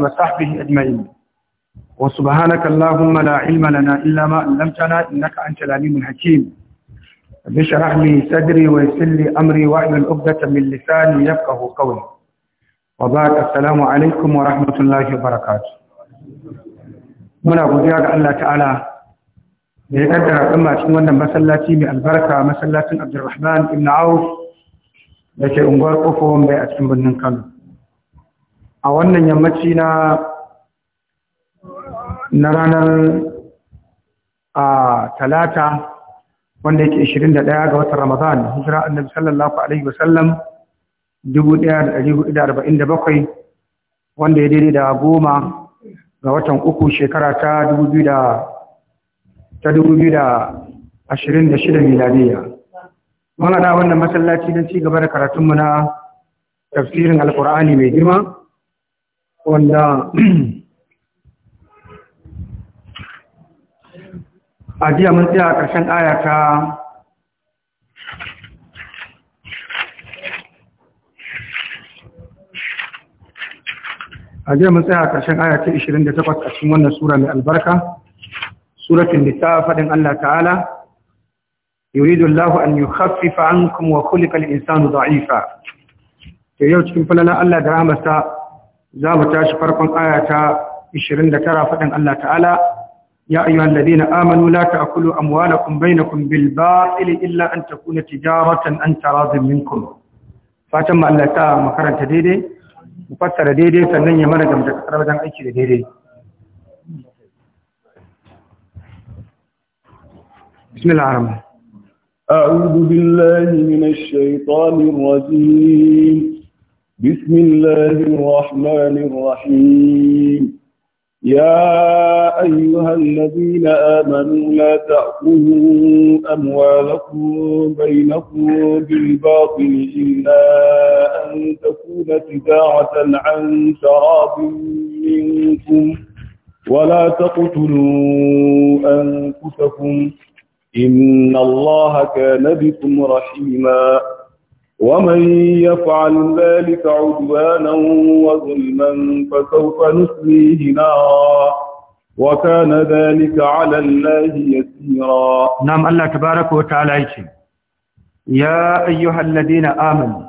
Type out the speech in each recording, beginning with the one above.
آله وصحبه أجمعين وسبحانك اللهم لا علم لنا إلا ما علمتنا إنك أنت العليم الحكيم بشرح لي صدري ويسر لي أمري واحلل عقدة من لساني يفقه قولي وبعد السلام عليكم ورحمة الله وبركاته muna godiya ga Allah ta'ala da ya kaddara kuma cikin wannan masallaci mai albarka masallacin Abdulrahman ibn Auf da ke unguwar Kofo bai a cikin birnin Kano a wannan yammaci na na ranar a talata wanda yake 21 ga watan ramadan hijira annabi sallallahu alaihi wasallam 1447 wanda ya daidai da goma ga watan uku shekara ta 2026 miladiya muna da wannan masallaci don ci gaba da karatunmu na tafsirin alkur'ani mai girma ولا أدي من سياق كشن آية كا أدي من سياق كشن آية كي إشرين دي سورة من البركة سورة النساء فدن الله تعالى يريد الله أن يخفف عنكم وخلق الإنسان ضعيفا يوجد كم فلنا الله درامة za mu tashi farkon aya ta 29 faɗin Allah ta'ala ya ayyuhal ladina amanu la ta'kulu amwalakum bainakum bil batil illa an takuna tijaratan an tarazim minkum fatan ma Allah ta makaranta daidai mu fassara daidai sannan ya mana gamta kasar wajen aiki da daidai bismillahir rahmanir rahim a'udhu billahi minash shaitanir rajim بسم الله الرحمن الرحيم يا أيها الذين آمنوا لا تأكلوا أموالكم بينكم بالباطل إلا أن تكون تجارة عن شراب منكم ولا تقتلوا أنفسكم إن الله كان بكم رحيماً ومن يفعل ذلك عدوانا وظلما فسوف نسليه نارا وكان ذلك على الله يسيرا نعم الله تبارك وتعالى يا أيها الذين آمنوا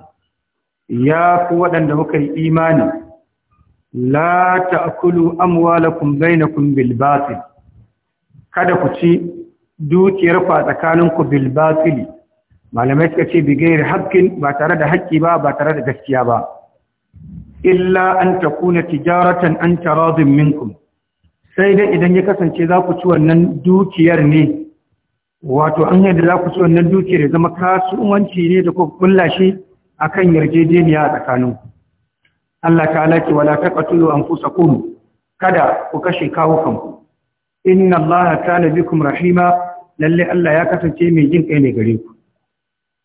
يا قوة لك الإيمان لا تأكلوا أموالكم بينكم بالباطل kada ku ci dukiyar ku a tsakaninku bilbatili malamai suka ce bigayar haƙƙin ba tare da haƙƙi ba ba tare da gaskiya ba illa an takuna tijaratan an tarazin minkum sai dai idan ya kasance za ku ci wannan dukiyar ne wato an yadda za ku ci wannan dukiyar ya zama kasuwanci ne da kuka kulla shi akan yarjejeniya a tsakanin Allah ta'ala ce an kusa anfusakum kada ku kashe kawo kanku inna Allah kana bikum rahima lalle Allah ya kasance mai jin kai ne gare ku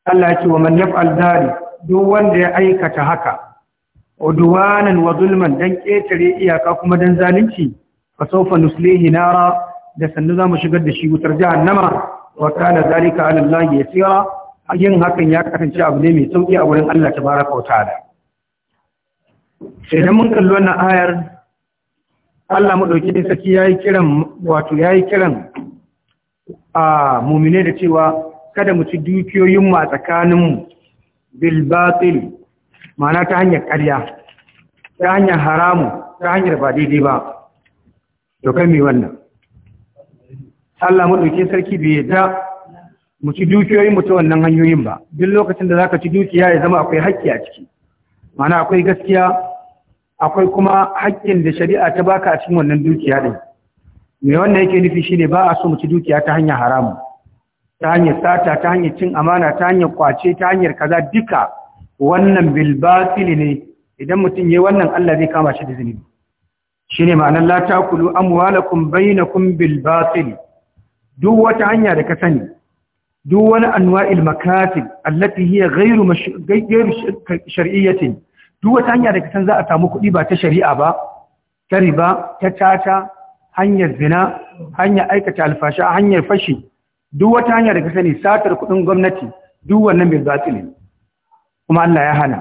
Allah ya ce wa man yaf'al dhalik duk wanda ya aikata haka udwanan wa zulman dan ketare iyaka kuma dan zalunci fa sawfa nuslihi nara da sannu mu shigar da shi wutar jahannama wa kana zalika ala Allah yasira yin hakan ya kasance abu ne mai sauki a wurin Allah tabaraka wa ta'ala idan mun kalli wannan ayar Allah madaukakin saki yayi kiran wato yayi kiran a mu'mine da cewa kada mu ci mu a tsakaninmu bil batil ma'ana ta hanyar ƙarya ta hanyar haramu ta hanyar ba daidai ba to kai me wannan Allah maɗauki sarki bai yadda mu ci dukiyoyinmu ta wannan hanyoyin ba duk lokacin da zaka ci dukiya ya zama akwai haƙƙi a ciki ma'ana akwai gaskiya akwai kuma haƙƙin da shari'a ta baka a cikin wannan dukiya din me wannan yake nufi shine ba a so mu ci dukiya ta hanyar haramu ta hanyar sata ta hanyar cin amana ta hanyar kwace ta hanyar kaza duka wannan bilbatili ne idan mutum yi wannan Allah zai kama shi da zunubi shine ma'anar lata takulu amwalakum bainakum bilbatili duk wata hanya da ka sani duk wani anwa'il allati hiya ghayru ghayru shar'iyyatin duk wata hanya da ka san za a samu kuɗi ba ta shari'a ba ta riba ta tata hanyar zina hanyar aikata alfasha hanyar fashi duk wata hanya da ka sani satar kuɗin gwamnati duk wannan bil batil kuma Allah ya hana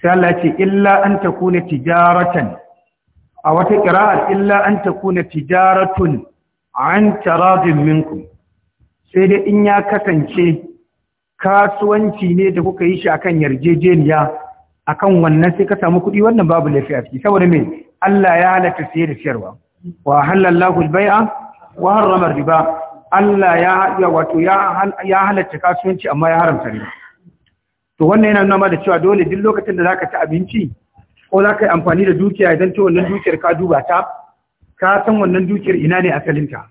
sai Allah ya ce illa an takuna tijaratan a wata kiraar illa an takuna tijaratun an taradin minkum sai dai in ya kasance kasuwanci ne da kuka yi shi akan yarjejeniya akan wannan sai ka samu kuɗi wannan babu lafiya ciki saboda me Allah ya halatta sai da siyarwa wa halallahu al-bai'a wa harrama riba Allah ya ya wato ya kasuwanci amma ya haramta ne. to wannan yana nuna da cewa dole duk lokacin da za ka ci abinci ko za ka yi amfani da dukiya idan ta wannan dukiyar ka duba ta ka san wannan dukiyar ina ne asalinta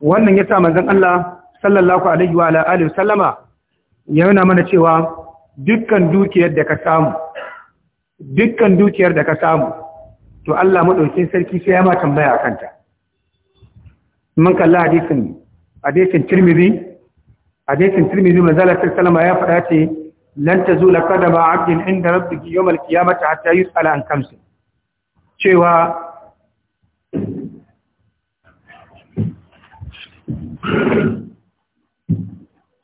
wannan ya yasa manzan Allah sallallahu alaihi wa wa sallama ya nuna mana cewa dukkan dukiyar da ka samu dukkan dukiyar da ka samu to Allah madaukin sarki sai ya ma tambaya a kanta من كلا حديث حديث الترمذي حديث الترمذي من ذلك السلام يا فراتي لن تزول قدم عبد عند ربك يوم القيامة حتى يسأل عن كمسه شيوا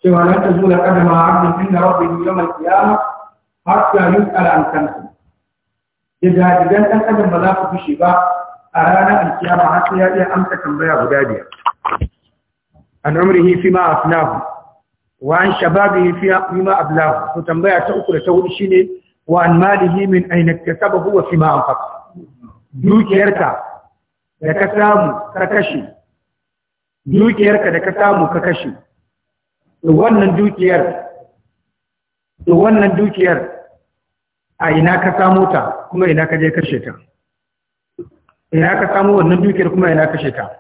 شيوا لن تزول قدم عبد عند ربك يوم القيامة حتى يسأل عن كمس إذا اذا جدا تسأل ملاك بشيبا a ranar alkiyama har sai ya iya amsa tambaya guda biyar an umrihi fi ma afnahu wa an shababihi fi ma ablahu to tambaya ta uku da ta hudu shine wa an malihi min aina kasabahu wa fi ma anfaq dukiyarka da ka samu ka kashe dukiyarka da ka samu ka kashe wannan dukiyar wannan dukiyar a ina ka samu ta kuma ina ka je kashe ta ina ka samu wannan dukiyar kuma ina kashe ta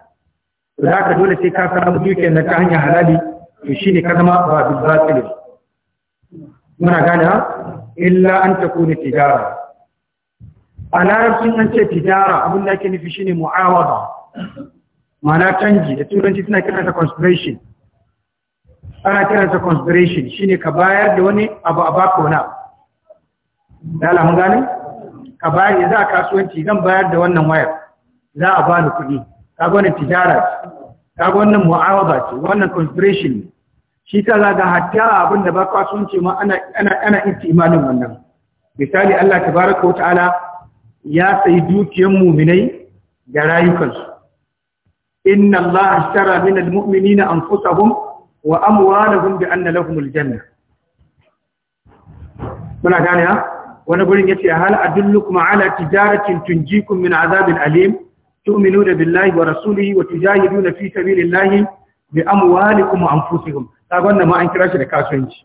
za ka dole sai ka samu dukiyar na ta hanyar halali to shi ne ka zama ba bil batil muna gane illa an ta kuni tijara a larabcin an ce tijara abin da ake nufi shine mu'awada ma'ana canji da turanci suna ta conspiration ana ta conspiration shine ka bayar da wani abu a baka wani da alamun gane ka bayar da za a kasuwanci zan bayar da wannan wayar za a bani kuɗi kaga wannan tijara ce kaga wannan mu'awaba ce wannan conspiration ne shi ta zaga hatta abin da ba kasuwanci ma ana ana ana imanin wannan misali Allah tabaraka ta'ala ya sayi dukiyar mu'minai da rayukansu inna Allah ashtara min almu'minina anfusahum wa amwalahum bi anna lahumul janna muna gane ha wani gurin yace hal adullukum ala tijaratin tunjikum min azabin alim tu'minuna billahi wa rasulihi wa tujahiduna fi sabilillahi bi amwalikum wa anfusikum kaga wannan ma an kira shi da kasuwanci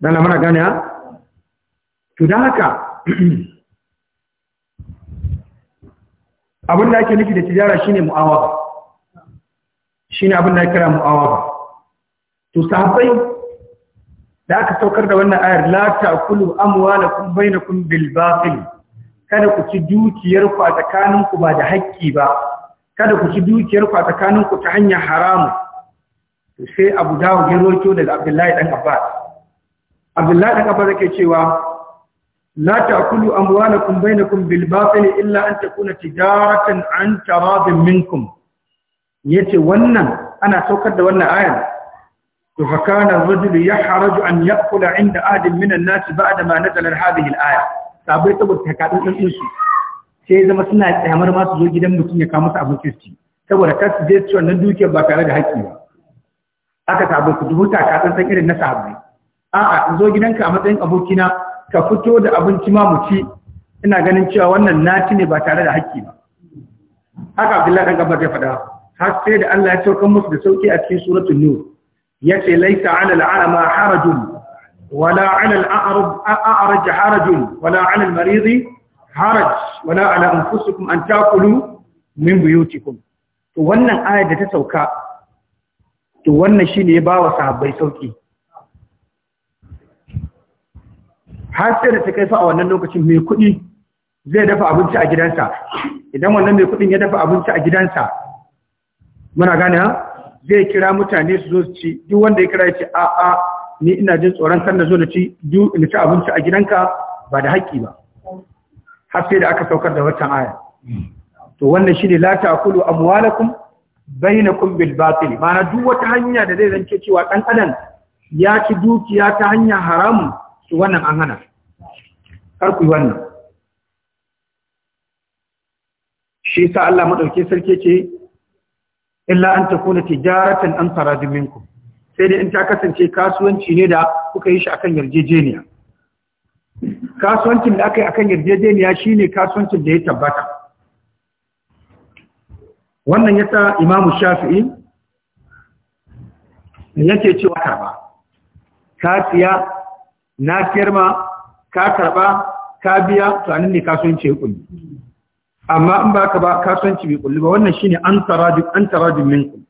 dan lamar gane ha to dan haka abin da ake nufi da tijara shine mu'awaba shine abin da ake kira mu'awaba to sahabbai da aka saukar da wannan ayar la ta'kulu amwalakum bainakum bil batil kada ku ci dukiyarku a tsakaninku ba da haƙƙi ba kada ku ci dukiyarku a tsakaninku ta hanyar haramu to sai abu dawo ya roƙo daga abdullahi dan abbas abdullahi dan abbas yake cewa la ta'kulu amwalakum bainakum bil batil illa an takuna tijaratan an taradin minkum yace wannan ana saukar da wannan ayar to fa kana rajulu yahraju an ya'kula 'inda ahadin minan nas ba'da ma nazala hadhihi al-aya sabai saboda takadun din su sai zama suna tsamar ma su zo gidan mutum ya kawo musu abinci kirki saboda kar su je su wannan dukiyar ba tare da hakki ba aka sabu ku dubu takatsan san irin na sahabbai a'a zo gidan ka a matsayin abokina ka fito da abinci ma mu ci ina ganin cewa wannan naci ne ba tare da hakki ba haka abdullahi dan gabar ya fada har sai da Allah ya saukar musu da sauki a cikin suratul nur yace laita 'ala al-a'ma harajun ولا على الأعرج harajun wala alal على haraj wala ولا على an أن تأكلوا من بيوتكم to wannan ayar da ta sauka to wannan shine ya bawa sahabbai sauki har sai da ta fa a wannan lokacin mai kuɗi zai dafa abinci a gidansa idan wannan mai kuɗin ya dafa abinci a gidansa muna gane ha zai kira mutane su zo su ci duk wanda ya kira ya ce a a ni ina jin tsoron kan na zo na ci duk in ci abinci a gidanka ba da haƙƙi ba har sai da aka saukar da watan aya to wannan shine la ta'kulu amwalakum bainakum bil batil ma'ana duk wata hanya da zai zance cewa dan adam ya ci dukiya ta hanya haramun to wannan an hana kar ku wannan shi sa Allah madauke sarki ce illa an takuna tijaratan an taradin minkum sai dai in ta kasance kasuwanci ne da kuka yi shi akan yarjejeniya kasuwancin da aka yi akan yarjejeniya shine kasuwancin da ya tabbata wannan yasa imamu shafi'i yake cewa karba ka siya na firma ka karba ka biya to anan ne kasuwanci ya kulli amma in baka ba kasuwanci bai kulli ba wannan shine an tarajum an tarajum minkum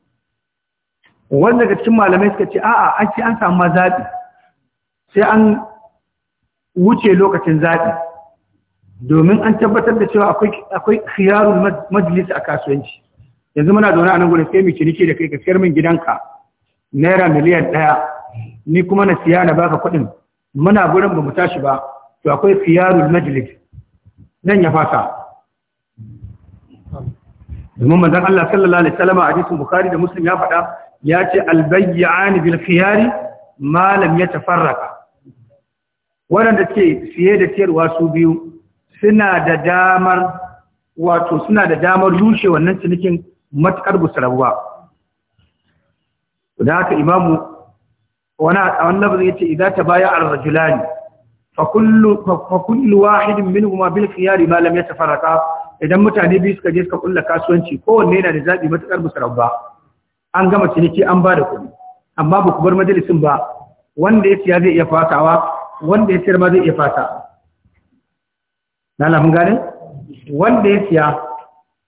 wanda daga cikin malamai suka ce a'a an ce an samu zabi sai an wuce lokacin zabi domin an tabbatar da cewa akwai akwai khiyarul majlis a kasuwanci yanzu muna zaune a nan gurin sai mu ciniki da kai ka sayar min gidanka naira miliyan ɗaya ni kuma na siya na baka kuɗin muna gurin ba mu tashi ba to akwai khiyarul majlis nan ya fasa domin manzon Allah sallallahu alaihi wasallam a hadisin Bukhari da Muslim ya faɗa ya ce albay'ani bil khiyari malam ya tafarraka. waɗanda ke fiye da siyarwa su biyu suna da damar wato suna da damar rushe wannan cinikin matakar busarwa da haka imamu wani a wannan ba ce idan ta baya a rajulani fa kullu wahidin kullu ma bil khiyari ya lam yatafarraqa idan mutane biyu suka je suka kulla kasuwanci kowanne yana da zaɓi matuƙar musu rabba. an gama ciniki an ba da kuɗi amma ba ku bar majalisin ba wanda ya siya zai iya fatawa wanda ya siyar ma zai iya fata. na lafin gane wanda ya siya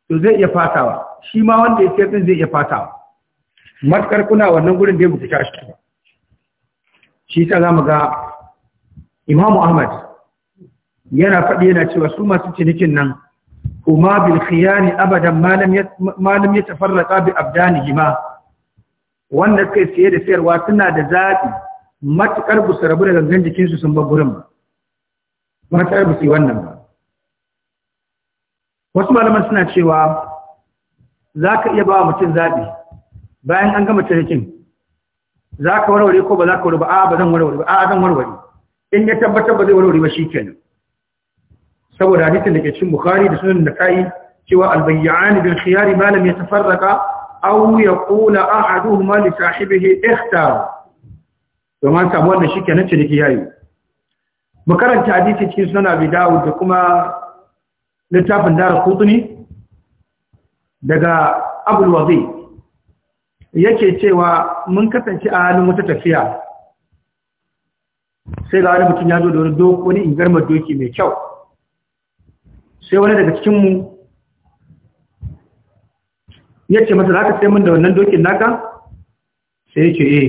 to zai iya fatawa shi ma wanda ya siyar din zai iya fatawa matuƙar kuna wannan gurin da ya bukuta shi shi ta za mu ga imamu ahmad yana faɗi yana cewa su masu cinikin nan هما بالخيان ابدا ما لم ما لم يتفرقا بابدانهما wanda suka siye da sayarwa suna da zaɓi matuƙar bu rabu da gangan jikinsu sun ba gurin ba matuƙar bu su yi wannan ba wasu malaman suna cewa za ka iya ba wa mutum zaɓi bayan an gama cinikin za ka warware ko ba za ka warware ba a ba zan warware ba a zan warware in ya tabbatar ba zai warware ba shi kenan saboda hadisin da ke cikin bukhari da sunan nakai cewa albayyan bil khiyari ma lam yatafarraqa aw yaqula ahaduhuma li sahibihi ikhtar to man ta wannan shikenan ke yayi mu karanta hadisi cikin sunan abi dawud da kuma littafin darar kutuni daga abul wazi yake cewa mun kasance a halin wata tafiya sai ga wani mutum ya zo da wani doki wani ingarmar doki mai kyau sai wani daga cikinmu ya ce masa za ka sai min da wannan dokin naka sai ya ce eh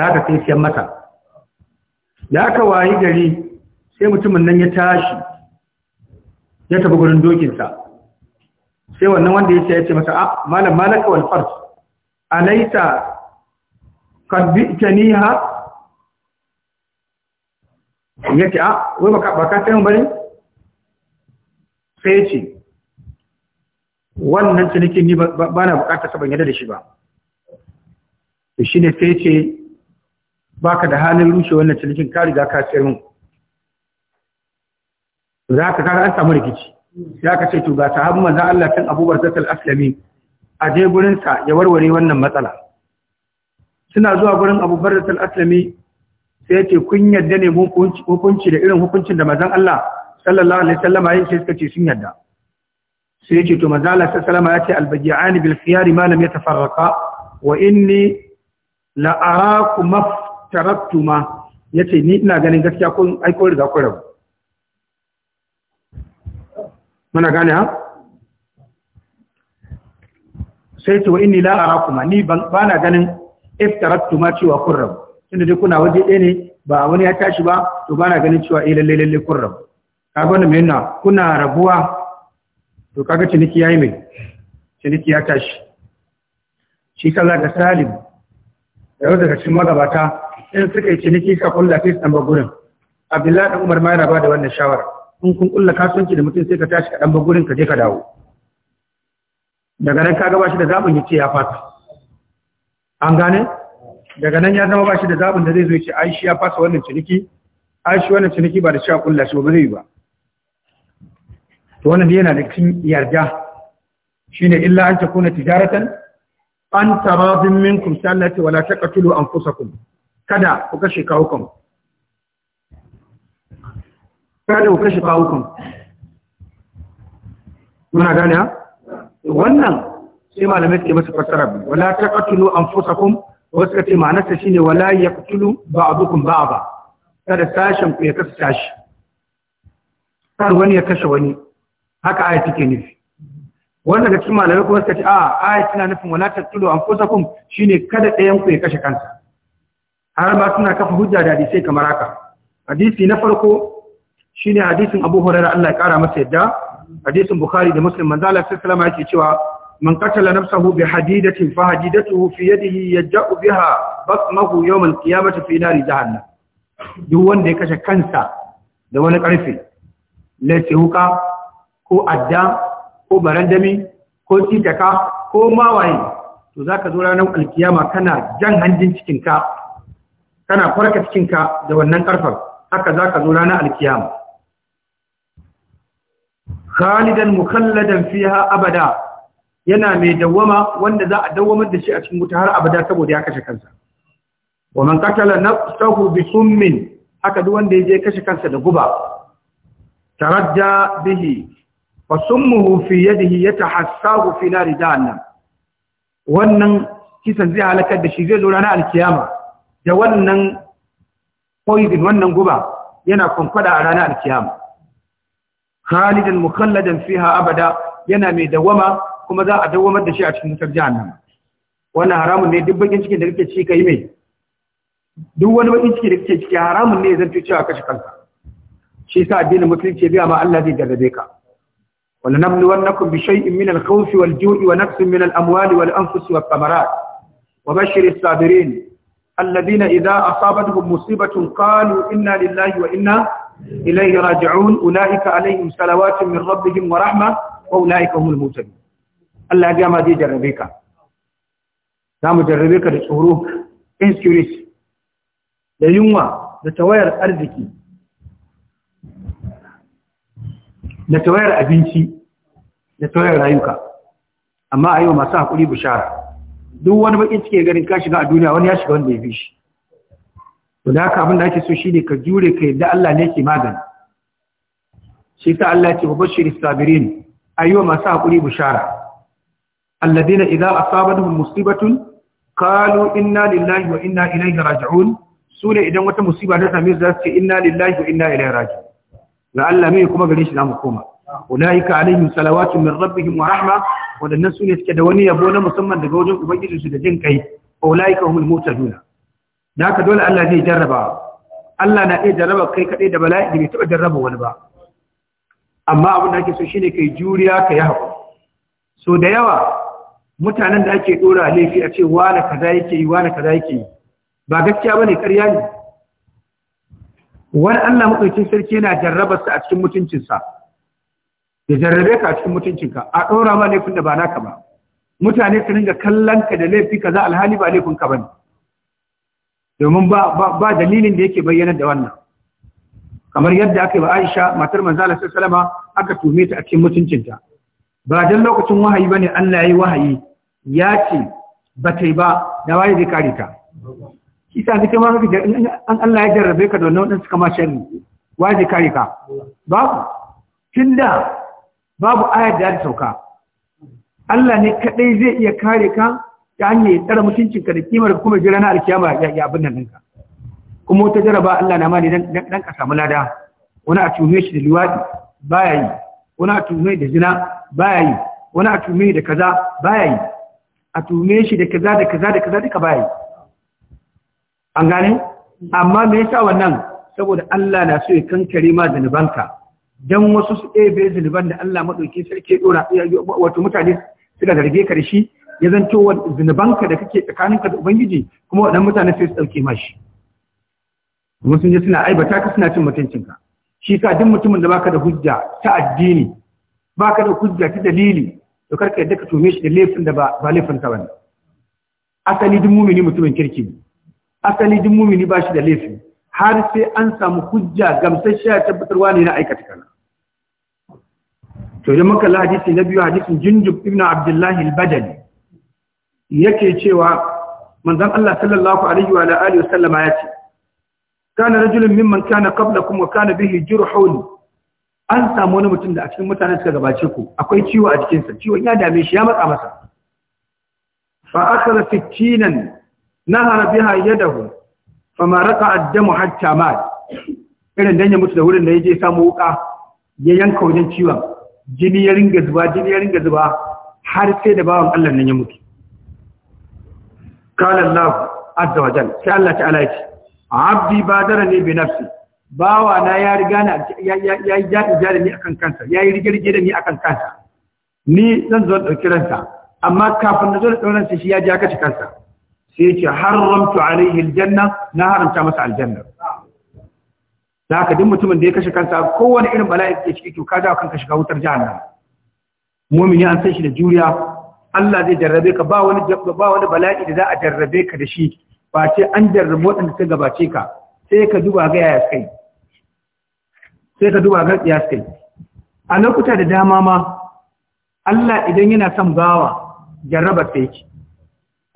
za ka sai siyan mata Ya ka wayi gari sai mutumin nan ya tashi ya tafi gurin dokinsa sai wannan wanda ya ce ya ce masa a ah, malam malaka wal fars alaita kadbita niha ya ce a ah, wai baka sai mun bari sai ya ce wannan cinikin ni ba na bukatar saban yadda da shi ba to shi ne sai ce ba ka da halin rushe wannan cinikin ka riga ka sayar za ka kara an samu rikici ya ka ce tuga ta sahabin manzan Allah tun abubuwar zatal aslami a je ya warware wannan matsala suna zuwa gurin abubuwar zatal aslami sai ce kun yadda ne hukunci da irin hukuncin da mazan Allah sallallahu alaihi wasallam ya ce suka ce sun yadda sai ya ce to manzo Allah sallallahu ya ce albaji'ani bil khiyari ma lam yatafarraqa wa inni la araku maftaratuma yace ni ina ganin gaskiya kun ai ko riga ku rabu muna gane ha sai to wa inni la ma ni ba na ganin iftaratuma cewa kun rabu tunda dai kuna waje ɗaya ne ba wani ya tashi ba to ba na ganin cewa eh lalle lalle kun rabu abin da mai nuna kuna rabuwa to kaga ciniki yayi mai ciniki ya tashi shi kaza ga salim yau daga cikin magabata in suka yi ciniki ka kulla sai su tamba gurin abdullahi dan umar ma yana da wannan shawara in kun kulla kasuwanci da mutum sai ka tashi ka tamba gurin ka je ka dawo daga nan kaga ba shi da zabin ya ce ya fata an gane daga nan ya zama ba shi da zabin da zai zo ya ce ai shi ya fasa wannan ciniki ai shi wannan ciniki ba da shi a kulla shi ba zai yi ba to wannan yana da kin yarda ne illa an takuna tijaratan an taradin minkum sallati wala taqtulu anfusakum kada ku kashe kawukan kada ku kashe kawukan muna gane ha wannan sai malamai suke masa fassara bi wala taqtulu anfusakum wasu kace ma'anarsa ne wala ya ba a yaqtulu ba'dukum ba. kada sashen ku ya kasa tashi. kar wani ya kashe wani haka ayat take nufi wanda da cikin malamai kuma suka ce a ah, ayat tana nufin wala kusa anfusakum shine kada ɗayan ku ya kashe kansa har ma suna kafa hujja da hadisai kamar haka hadisi na farko shine hadisin Abu Hurairah Allah ya kara masa yadda hadisin Bukhari da Muslim manzo Allah sallallahu alaihi yake cewa man qatala nafsahu bi hadidatin fa hadidatuhu fi yadihi yaj'u biha basmahu yawm al-qiyamati fi nari jahannam duk wanda ya kashe kansa da wani karfe lai wuka ko adda ko barandami ko titaka ko mawaye to za ka zo ranar alkiyama kana jan hanjin cikinka kana farka cikinka da wannan karfar haka za ka zo ranar alkiyama khalidan mukhalladan fiha abada yana mai dawwama wanda za a dawwamar da shi a cikin wuta har abada saboda ya kashe kansa wa man qatala nafsahu bi summin haka duk wanda ya je kashe kansa da guba taradda bihi fa summuhu fi yadihi yatahassahu fi nari jahannam wannan kisan zai halakar da shi zai zo ranar alkiyama da wannan poison wannan guba yana kwankwada a ranar alkiyama khalidan mukhalladan fiha abada yana mai dawama kuma za a dawamar da shi a cikin wutar jahannama wannan haramun ne duk bakin cikin da kake ci kai mai duk wani bakin ciki da kake ciki haramun ne zan cewa kashe kanka shi yasa addinin musulunci ya biya ma Allah zai jarrabe ka ولنبلونكم بشيء من الخوف والجوع ونفس من الأموال والأنفس والثمرات وبشر الصابرين الذين إذا أصابتهم مصيبة قالوا إنا لله وإنا إليه راجعون أولئك عليهم صلوات من ربهم ورحمة وأولئك هم المهتدون Allah ya ma zai jarrabe ka za mu jarrabe ka da tsoro insecurity da yunwa da tawayar arziki da tawayar abinci da tawayar rayuka amma a yau masu haƙuri bishara duk wani bakin cike garin ka shiga a duniya wani ya shiga wanda ya fi shi to da haka abin da ake so shine ka jure ka yadda Allah ne ke magani shi ta Allah ce babashir sabirin A ayyuwa masu haƙuri bishara alladina idan sabon musibatun qalu inna lillahi wa inna ilaihi raji'un ne idan wata musiba ta same su za su ce inna lillahi wa inna ilaihi raji'un ga Allah mai kuma gare shi zamu koma ulaika alaihim salawatu min rabbihim wa rahma wadannan sune suke da wani yabo na musamman daga wajen ubangijinsu da jin kai ulaika humul Na naka dole Allah zai jarraba Allah na iya jarraba kai kaɗai da bala'i da bai taɓa jarraba wani ba amma abin da ake so shine kai juriya ka yi haƙuri so da yawa mutanen da ake ɗora laifi a ce wane kaza yake yi wane kaza yake yi ba gaskiya ne karya ne wani Allah maɗaukin sarki yana jarrabarsa a cikin mutuncinsa ya jarrabe ka a cikin mutuncinka a ɗora ma laifin da ba naka ba mutane su ringa kallon ka da laifi kaza alhali ba laifin ka bane domin ba dalilin da yake bayyana da wannan kamar yadda aka yi wa Aisha matar manzo Allah sallama aka tume ta a cikin mutuncinta ba dan lokacin wahayi bane Allah yayi wahayi ya ce ba tai ba da waye zai kare ka. isa ga ma haka an Allah ya jarrabe ka da wannan suka ma sharri waje kare ka babu tunda babu ayar da ta sauka Allah ne kadai zai iya kare ka ta hanyar ya tsara mutuncin ka da kimar kuma jira na alkiyama ya abin nan ɗinka kuma wata jaraba Allah na mani dan ka samu lada wani a tuhume shi da liwaɗi baya yi wani a tuhume da zina baya yi wani a tuhume da kaza baya yi a tuhume shi da kaza da kaza da kaza duka baya yi an gane amma me yasa wannan saboda Allah na so ya kankare ma zanubanka dan wasu su bai zanuban da Allah madauki sarki dora wato mutane suka zarge ka da shi ya zanto zanubanka da kake tsakaninka da ubangiji kuma waɗannan mutane sai su dauke ma shi kuma sun je suna aibata ka suna cin mutuncinka shi ka duk mutumin da baka da hujja ta addini baka da hujja ta dalili to karka yadda ka tume shi da laifin da ba laifin ka bane asali duk mumini mutumin kirki ne asali duk mumini ba shi da laifi har sai an samu hujja gamsasshiya tabbatarwa ne na aikata kana to idan muka la hadisi na biyu hadisin Jundub ibn Abdullah al-Badali yake cewa manzon Allah sallallahu alaihi wa alihi wasallama yace kana rajulun mimman kana qablakum wa kana bihi jurhun an samu wani mutum da a cikin mutane suka gabace ku akwai ciwo a jikinsa ciwon ya dame shi ya matsa masa fa akhara fitinan nahara biha yadahu fama raka addamu hatta ma irin dan ya mutu da wurin da yaje samu wuka ya yanka wajen ciwon jini ya ringa zuba jini ya ringa zuba har sai da bawan Allah nan ya mutu qala Allah azza wa jalla sai Allah ta'ala yace abdi ne bi nafsi bawa na ya riga na ya ya ya da ni akan kansa ya yi rigirge da ni akan kansa ni zan zo dauki ransa amma kafin na zo da dauransa shi ya ji aka kansa sai ce haramtu alaihi aljanna na haramta masa aljanna da ka duk mutumin da ya kashe kansa kowane irin bala'i ke ciki to ka dawo kanka shiga wutar jahannam mu'mini an san shi da juriya Allah zai jarrabe ka ba wani ba wani bala'i da za a jarrabe ka da shi ba ce an jarrabe waɗanda suka gabace ka sai ka duba ga yaya kai sai ka duba ga kai a lokuta da dama ma Allah idan yana son bawa jarraba sai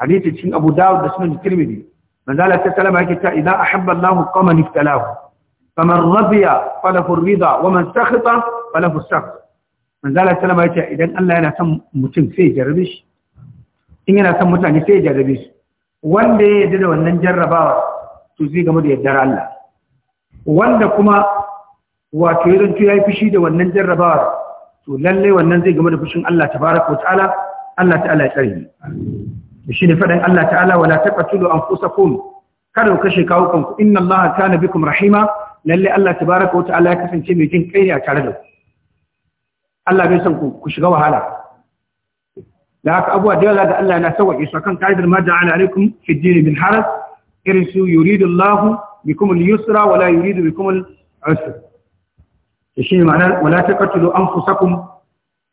hadisi cikin Abu da Sunan Tirmidhi manzo Allah sallallahu alaihi wasallam yake idan ahabba Allah qaman iftalahu faman radiya falahu ar-ridha wa man sakhata falahu as-sakht manzo Allah idan Allah yana son mutum sai ya jarrabe shi in yana son mutane sai ya jarrabe shi wanda ya yarda da wannan jarrabawa to zai game da yardar Allah wanda kuma wato da wannan jarrabawa to wannan zai da fushin Allah tabaraka ta'ala Allah ta'ala ya tsare shi ne faɗin Allah ta'ala wala taqtulu anfusakum kada ku kashe kawo kanku inna Allah kana bikum rahima lalle Allah tabaaraka wa ta'ala ya kasance mai jin kai a tare da ku Allah bai san ku ku shiga wahala da haka abuwa da yawa da Allah na sauƙi su kan ka'idar ma ja'ala alaikum fi dini min Haras. irin su yuridu Allah bikum al-yusra wala yuridu bikum al-usra shi ne ma'ana wala taqtulu anfusakum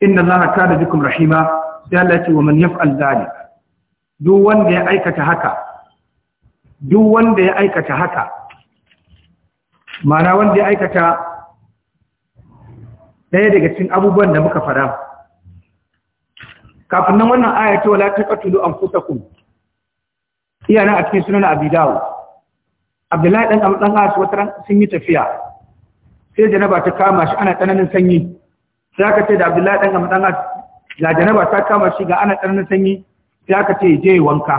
inna Allah kana bikum rahima sai Allah ya ce wa man yaf'al dhalik duk wanda ya aikata haka duk wanda ya aikata haka mana wanda ya aikata ɗaya daga cikin abubuwan da muka fara kafin nan wannan aya ce wala taqtulu anfusakum iyana a cikin sunan abi abdullahi dan dan wata ran sun yi tafiya sai janaba ta kama shi ana tsananin sanyi sai aka ce da abdullahi dan dan asu la janaba ta kama shi ga ana tsananin sanyi sai aka ce je wanka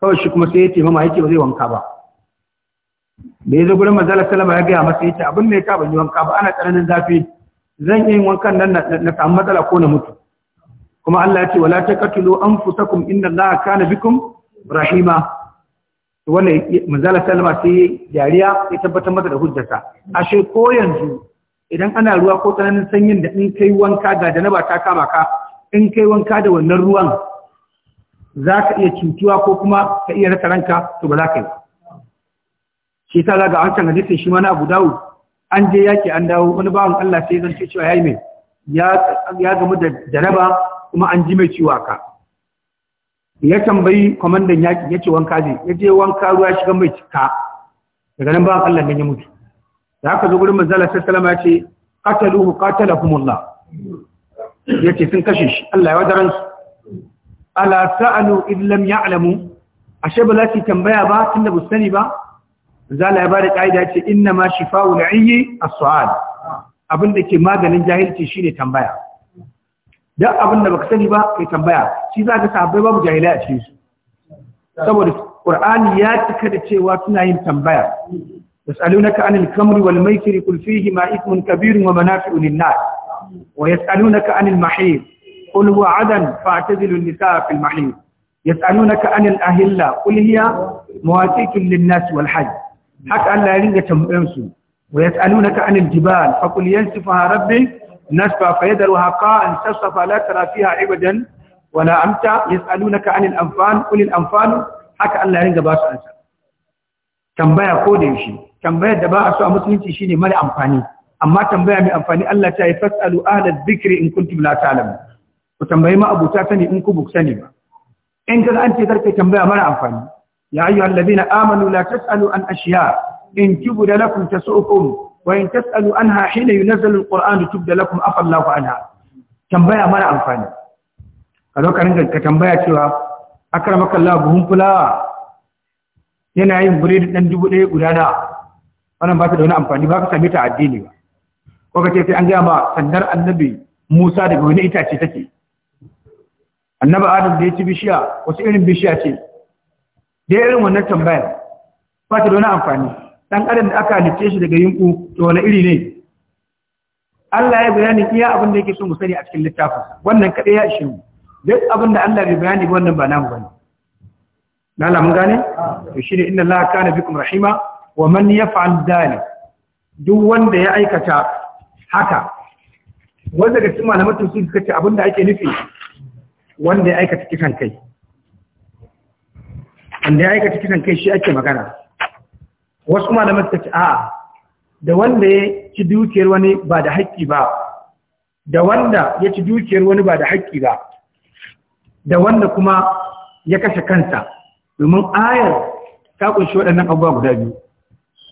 kawai shi kuma sai ya ce mama yake ba zai wanka ba da ya zo gudun mazala salama ya gaya masa yace abin da ya ka ban yi wanka ba ana tsananin zafi zan yi wankan nan na samu matsala ko na mutu kuma Allah ya ce wala taqtulu inda za Allaha kana bikum rahima wannan mazala salama sai jariya ya tabbatar masa da hujjata. ashe ko yanzu idan ana ruwa ko tsananin sanyin da in kai wanka ga ba ta kama ka in kai wanka da wannan ruwan za ka iya cutuwa ko kuma ka iya rasa ranka to ba za ka yi shi ta zaga canza hadisin shi ma na abu dawo? an je yaki an dawo wani bawan allah sai zan cewa ya yi mai ya gamu da jaraba kuma an ji mai ciwa ka ya tambayi kwamandan yaki ya ce wanka je ya je wanka ruwa shiga mai cika daga nan bawon allah nan ya mutu da haka zo gurin manzala salama ya ce qataluhu qatalahumullah ya ce sun kashe shi allah ya wadaransu ala sa'alu illam ya'lamu ashe ba za su tambaya ba tunda ba sani ba zala ya bada kaida ce inna ma shifa'u al'ayyi as-su'al abin da ke maganin jahilci shine tambaya duk abin da baka sani ba kai tambaya shi za ka sahabbai babu jahilai a cikin su saboda qur'ani ya cika da cewa suna yin tambaya يسألونك عن الكمر والميسر قل فيهما إثم Wa ومنافع للناس na عن المحيط قل هو عدن فاعتزلوا النساء في المحيط يسألونك عن الأهلة قل هي مواسيك للناس والحج حق أن لا يريد تمئنسوا ويسألونك عن الجبال فقل ينسفها ربي نسفا فيدرها قاء سصفا لا ترى فيها عبدا ولا أمتا يسألونك عن الأنفال قل الأنفال حق أن لا يريد باس أنسا tambaya ko da yaushe tambayar da ba a so a musulunci shine mara amfani amma tambaya mai amfani Allah ta yi fasalu ahlal dhikri in kuntum la ta'lamun ku tambayi ma ta sani in ku buk sani ba in kaga an ce karka tambaya mara amfani ya ayyuhal ladina amanu la tasalu an ashiya in tubda lakum tasukum wa in tasalu anha hina Quran alquran da lakum afa anha tambaya mara amfani ka ka ka tambaya cewa akramaka buhun fulawa yana yin biredi dan dubu ɗaya guda na wannan ba ta da wani amfani ba ka same ta addini ba ko ka ce sai an gaya ma sandar annabi Musa daga wani itace take annabi adam da ya ci bishiya wasu irin bishiya ce da irin wannan tambaya ba ta da wani amfani dan adam da aka halitta shi daga yinku to wani iri ne Allah ya bayani iya abin da yake son mu sani a cikin littafin wannan kadai ya ishe mu duk abin da Allah bai bayani wannan ba namu bane lalla mun gane to shine inna Allah kana bikum rahima wa man yaf'al dhalik duk wanda ya aikata haka wanda ga cikin malaman tafsir suka ce abin da ake nufi wanda ya aikata kisan kai wanda ya aikata kisan kai shi ake magana wasu malamai suka ce da wanda ya ci dukiyar wani ba da haƙƙi ba da wanda ya ci dukiyar wani ba da haƙƙi ba da wanda kuma ya kashe kansa domin ayar ta kunshi waɗannan abubuwa guda biyu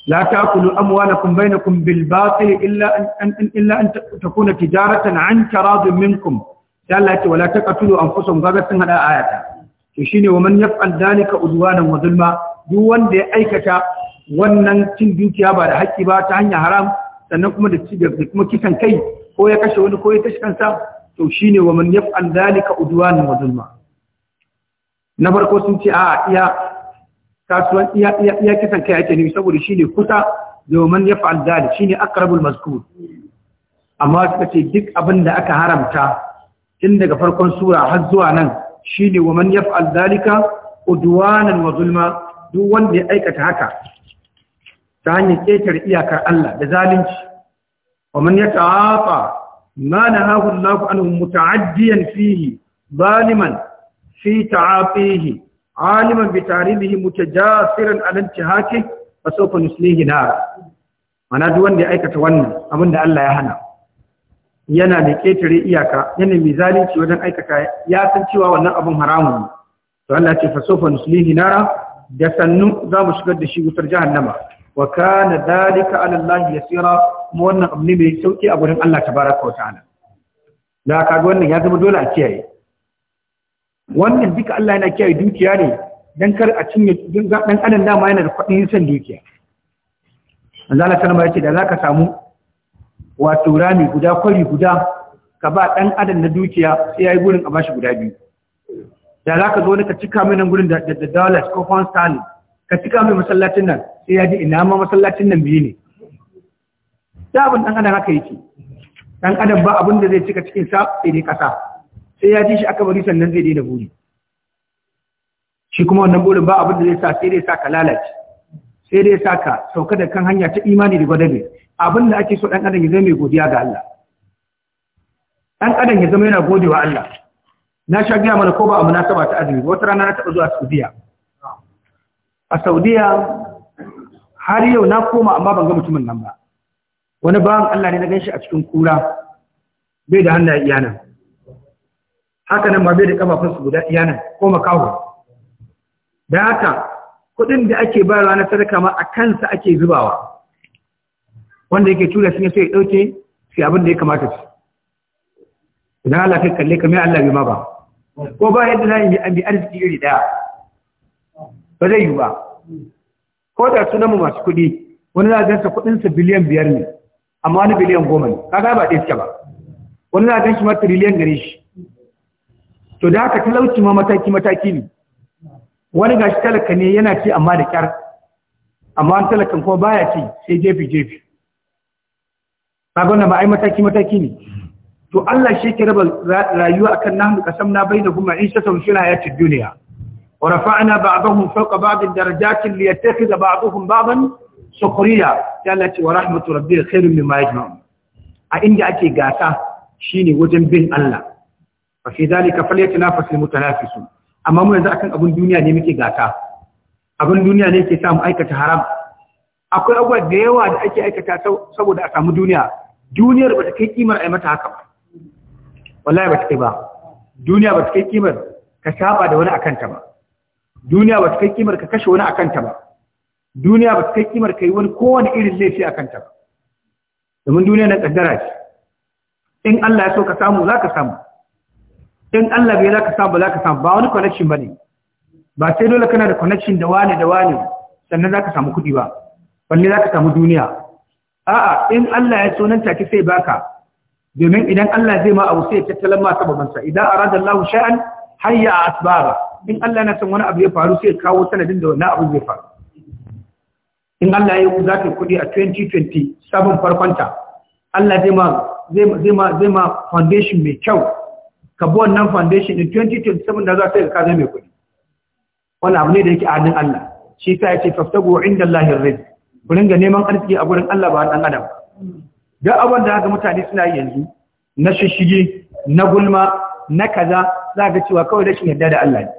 la taqulu amwalakum bainakum bil batil illa an illa an takuna tijaratan an taradun minkum sai Allah ya ce wala taqatulu anfusakum sun hada ayata to shine wa man yaf'al dalika udwanan wa zulma duk wanda ya aikata wannan cin dukiya ba da haƙƙi ba ta hanya haram sannan kuma da ci da kuma kisan kai ko ya kashe wani ko ya tashi kansa to shine wa man yaf'al dalika udwanan wa zulma na farko sun ce a iya kasuwan iya iya iya kisan kai ake nufi saboda shine kusa da wa man yaf'al dalik shine aqrabul mazkur amma suka ce duk abin da aka haramta tun daga farkon sura har zuwa nan shine wa man fi dalika udwanan wa zulma duk wanda ya aikata haka ta hanyar ƙetare iyakar Allah da zalunci wa man yata'afa ma nahahu Allah anhu muta'addiyan fihi zaliman fi ta'afihi aliman bi taribihi mutajasiran ala intihaki fa sawfa nuslihi nar mana duk wanda ya aikata wannan abinda Allah ya hana yana da ƙetare iyaka yana mai zalunci wajen aikata ya san cewa wannan abin haramun ne to Allah ce fasofa nuslihi nara da sannu za mu shigar da shi wutar jahannama wa kana dalika ala Allah yasira kuma wannan abu ne mai sauki a gurin Allah tabaraka wa ta'ala da ga wannan ya zama dole a kiyaye wannan duka Allah yana kiyaye dukiya ne dan kar a cinye dan adam dama yana da kwadin san dukiya Allah ta nama ce da zaka samu wato rami guda kwari guda ka ba ɗan adam na dukiya sai ya yi gurin a bashi guda biyu da za ka zo wani ka cika mai nan gurin da dollars ko pound sterling ka cika mai masallacin nan sai ya ji ina ma masallacin nan biyu ne da abin ɗan adam haka yake ɗan adam ba abin da zai cika cikin sa sai dai ƙasa sai ya ji shi aka bari sannan zai daina buri shi kuma wannan burin ba abin da zai sa sai dai sa ka lalace sai dai sa ka sauka da kan hanya ta imani da gwadabe abin da ake so ɗan adam ya zama mai godiya ga Allah ɗan adam ya zama yana gode wa Allah na sha gaya mana ko ba a munasaba ta azumi wata rana na taɓa zuwa Saudiya a Saudiya har yau na koma amma ban ga mutumin nan ba wani bawan Allah ne na shi a cikin kura bai da hannaye iyana haka nan ma bai da kafafun su guda iyana ko makaho da haka kuɗin da ake bayarwa na sadaka ma a kansa ake zubawa wanda yake tura shi ne sai ya dauke sai abin da ya kamata shi idan Allah kai kalle kamar Allah bai ma ba ko ba yadda za yi an bi arziki iri daya ba zai yi ba ko da sunan mu masu kuɗi wani za a gansa kuɗinsa biliyan biyar ne amma wani biliyan goma ne kaga ba ɗaya suke ba wani za a ganshi ma triliyan gare shi to da haka talauci ma mataki mataki ne wani gashi talaka ne yana ci amma da kyar amma wani talakan kuma baya ci sai jefi jefi kaga wannan ba ai mataki mataki ne to Allah shi ke raba rayuwa akan nahnu shi bainahum ma'ishatan fil hayatid dunya wa rafa'na ba'dahum fawqa ba'din darajatin ba ba'dahum ba'dan sukhriya ya Allah ce wa rahmatu rabbil khairun mimma yajma'un a inda ake gasa shine wajen bin Allah fa fi dhalika falyatanafasul su. amma mu yanzu akan abun duniya ne muke gasa Abin duniya ne ke samu aikata haram akwai abubuwa da yawa da ake aikata saboda a samu duniya duniyar ba ta kai kimar a yi mata haka ba wallahi ba ta kai ba duniya ba ta kai kimar ka shafa da wani akan ta ba duniya ba ta kai kimar ka kashe wani akan ta ba duniya ba ta kai kimar ka yi wani kowane irin laifi a ta ba domin duniya na kaddara ce in Allah ya so ka samu za ka samu in Allah bai za ka samu za ka samu ba wani connection ba ne ba sai dole kana da connection da wane da wane sannan za ka samu kuɗi ba balle za ka samu duniya a'a in Allah ya sunanta nan sai baka domin idan Allah zai ma abu sai tattalin ma sababansa idan arada Allah sha'an hayya asbaba in Allah na san wani abu ya faru sai kawo sanadin da wani abu zai faru in Allah ya yi zaka kudi a 2020 sabon farkonta Allah zai ma zai ma zai ma foundation mai kyau ka bi wannan foundation in 2027 da za ta ka zai mai kudi wannan abu ne da yake a hannun Allah shi ta ce faftagu inda Allahir rizq ga neman arziki a gurin Allah ba dan adam duk abin da haka mutane suna yi yanzu na shishige na gulma na kaza za ga cewa kawai rashin yarda da Allah ne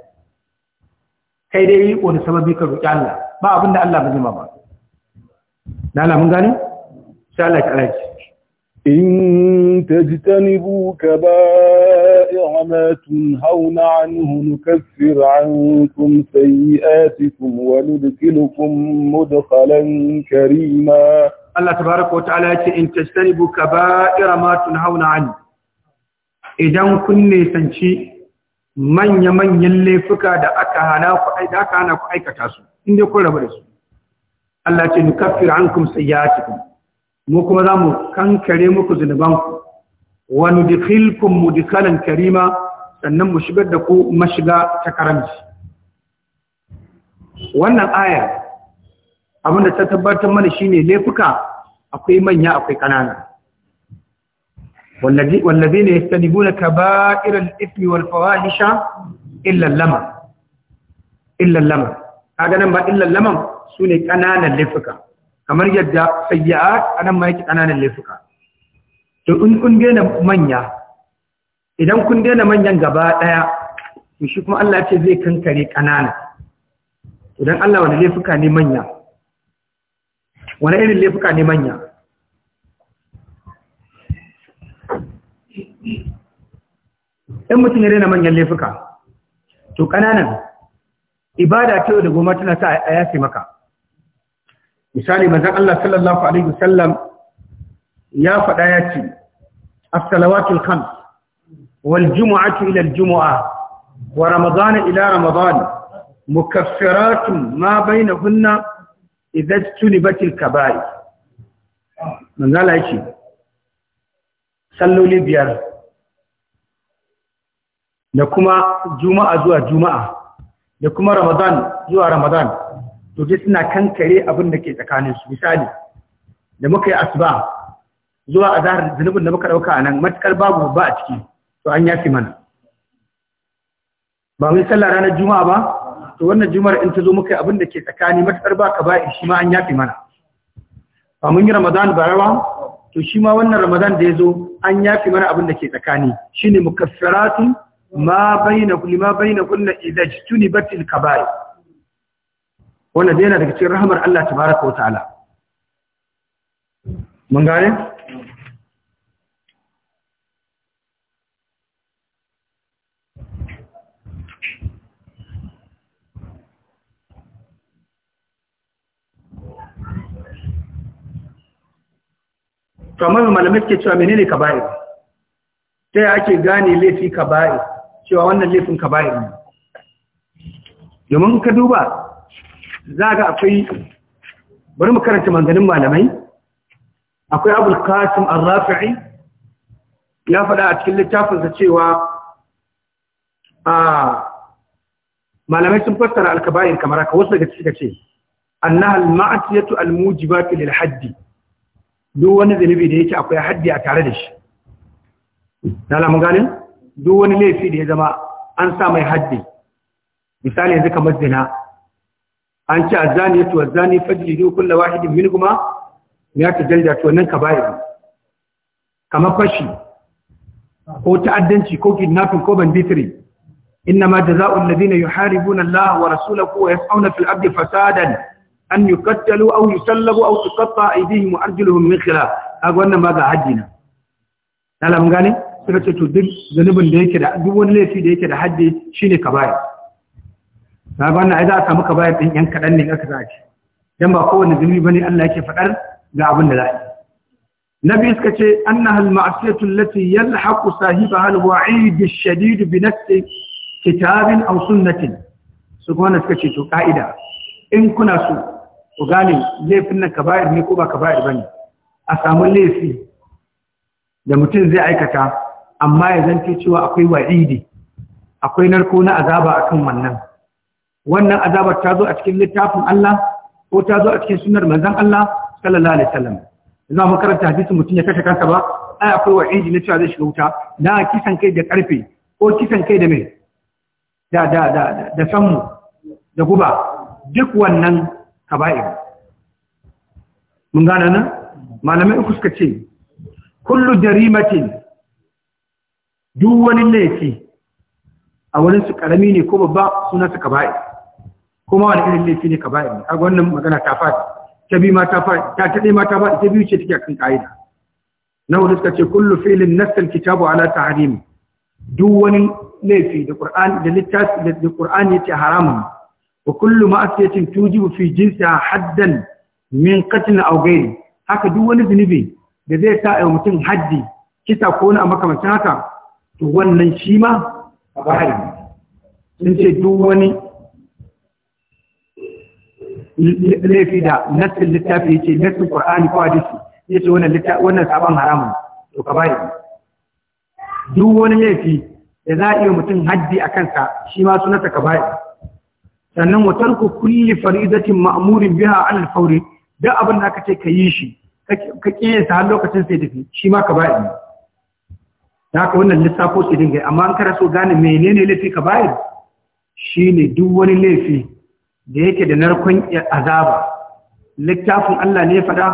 kai dai yi da sababi ka roƙi Allah ba abin da Allah ba zai ma ba na alamun gani sai Allah ya karaci إن تجتنبوا كبائر ما تنهون عنه نكفر عنكم سيئاتكم وندخلكم مدخلا كريما الله تبارك وتعالى إن تجتنبوا كبائر ما تنهون عنه idan kun nisanci manya-manyan laifuka da aka hana ku da aka aikata su inda kun rabu da su Allah ce nukaffir ankum sayyi'atikum mu kuma za mu kankare muku zunubanku wa nudkhilkum mudkhalan karima sannan mu shigar da ku mashiga ta karamci wannan aya abin da ta tabbatar mana shine laifuka akwai manya akwai kanana wallazi wallazina yastanibuna kaba'ira al-ithmi wal fawahisha illa lamma illa lamma kaga nan ba illa lamma sune kananan laifuka kamar yadda sayyi'at anan ma yake kananan laifuka to in kun daina manya idan kun daina manyan gaba daya to shi kuma Allah ce zai kankare kanana idan Allah wani laifuka ne manya wani irin laifuka ne manya in mutum ya daina manyan laifuka to kananan ibada ta yau da goma tana sa a yafe maka misali manzon Allah sallallahu alaihi wasallam ya faɗa ya ce as-salawatul khams wal jumu'atu ila al-jumu'ah wa ramadan ila ramadan mukaffiratun ma bainahunna idza tunibatil kaba'ir manzon Allah ya ce salloli biyar da kuma juma'a zuwa juma'a da kuma ramadan zuwa ramadan to duk suna kankare abin da ke tsakaninsu. misali da muka yi asuba zuwa a zahar zunubin da muka dauka nan, matuƙar babu ba a ciki to an yafi mana ba mun sallah ranar juma'a ba to wannan juma'ar in ta zo muka yi abin da ke tsakani matuƙar ba ka ba'i shi ma an yafi mana ba mun yi ramadan rawa to shi ma wannan ramadan da ya zo an yafi mana abin da ke tsakani shine mukaffaratu ma baina kulli ma baina kulli idajtuni batil kaba'ir wannan yana daga cikin rahamar Allah tabaraka wata'ala mun gane kamar malamai ke cewa menene kaba'ir ta yi ake gane laifi kaba'ir cewa wannan laifin kaba'ir ne domin ka duba za ga akwai bari mu karanta manganin malamai akwai abul qasim ar-rafi'i ya faɗa a cikin littafinsa cewa a malamai sun fassara alkabayin kamar haka wasu daga cikin ce annaha al-ma'siyatu al-mujibatu lil haddi duk wani zanubi da yake akwai haddi a tare da shi dala mun gane duk wani laifi da ya zama an sa mai haddi misali yanzu kamar zina an ci azani to azani fajri ne kullu wahid min kuma ya ta janja to nan kabairi kamar fashi ko ta'addanci ko kidnapping ko banditry inna ma jazaa'u alladhina yuharibuna allaha wa rasulahu wa yas'una fil ardi fasadan an yuqattalu aw yusallabu aw tuqatta'a aydihim wa arjuluhum min khilaf ago wannan ma ga hajjina dalam gane sai ce to duk zanubin da yake da duk wani laifi da yake da haddi shine kabairi ta ba na za a samu ka bayan ɗin yan kaɗan ne aka za a don ba kowane zunubi ba ne Allah yake faɗar ga abin da za a yi na biyu suka ce an na halma a fetun lati yalla haƙu sahiba halwa aidi shadidu bi nasi kitabin au sunnatin su kuma suka ce to ka'ida in kuna so ku gane laifin nan kaba'ir ne ko ba kaba'ir ba ne a samu laifi da mutum zai aikata amma ya zanto cewa akwai wa'idi akwai narko na azaba akan wannan wannan azabar ta zo a cikin littafin Allah ko ta zo a cikin sunnar manzon Allah sallallahu alaihi wasallam za mu karanta hadisi mutum ya kashe kansa ba ai akwai wa'idi na cewa zai shiga wuta na kisan kai da karfe ko kisan kai da mai da da da da sanmu da guba duk wannan kaba'ir mun gane nan malamai uku suka ce kullu jarimatin duk wani laifi a wurin su karami ne ko babba suna su kaba'ir kuma wani irin laifi ne kaba'ir ne kaga wannan magana ta faɗi ta bi ma ta faɗi ta ta ma ta faɗi ta biyu ce take akan ka'ida na hudu suka ce kullu fi'lin nassal kitabu ala tahrim duk wani laifi da qur'an da littafi da qur'an yace haramun wa kullu ma'asiyatin tujibu fi jinsiha haddan min qatl aw ghayri haka duk wani zunubi da zai sa ayi mutum haddi kisa ko wani makamancin haka to wannan shi ma kaba'ir sun ce duk wani laifi da nassin littafi ce, nassin ƙar'ani ko hadisi ya ce wannan sabon haramun to ka bari duk wani laifi da za a iya mutum haddi a kansa shi ma sunanta ka bari sannan wutar ku kulli faridatin ma'amurin biya a alfauri duk abin da aka ce ka yi shi ka kiyasa har lokacin sai tafi shi ma ka ne. da haka wannan lissafo ce dinga amma an kara so gane menene laifi ka Shi ne duk wani laifi da yake da narkon azaba littafin Allah ne faɗa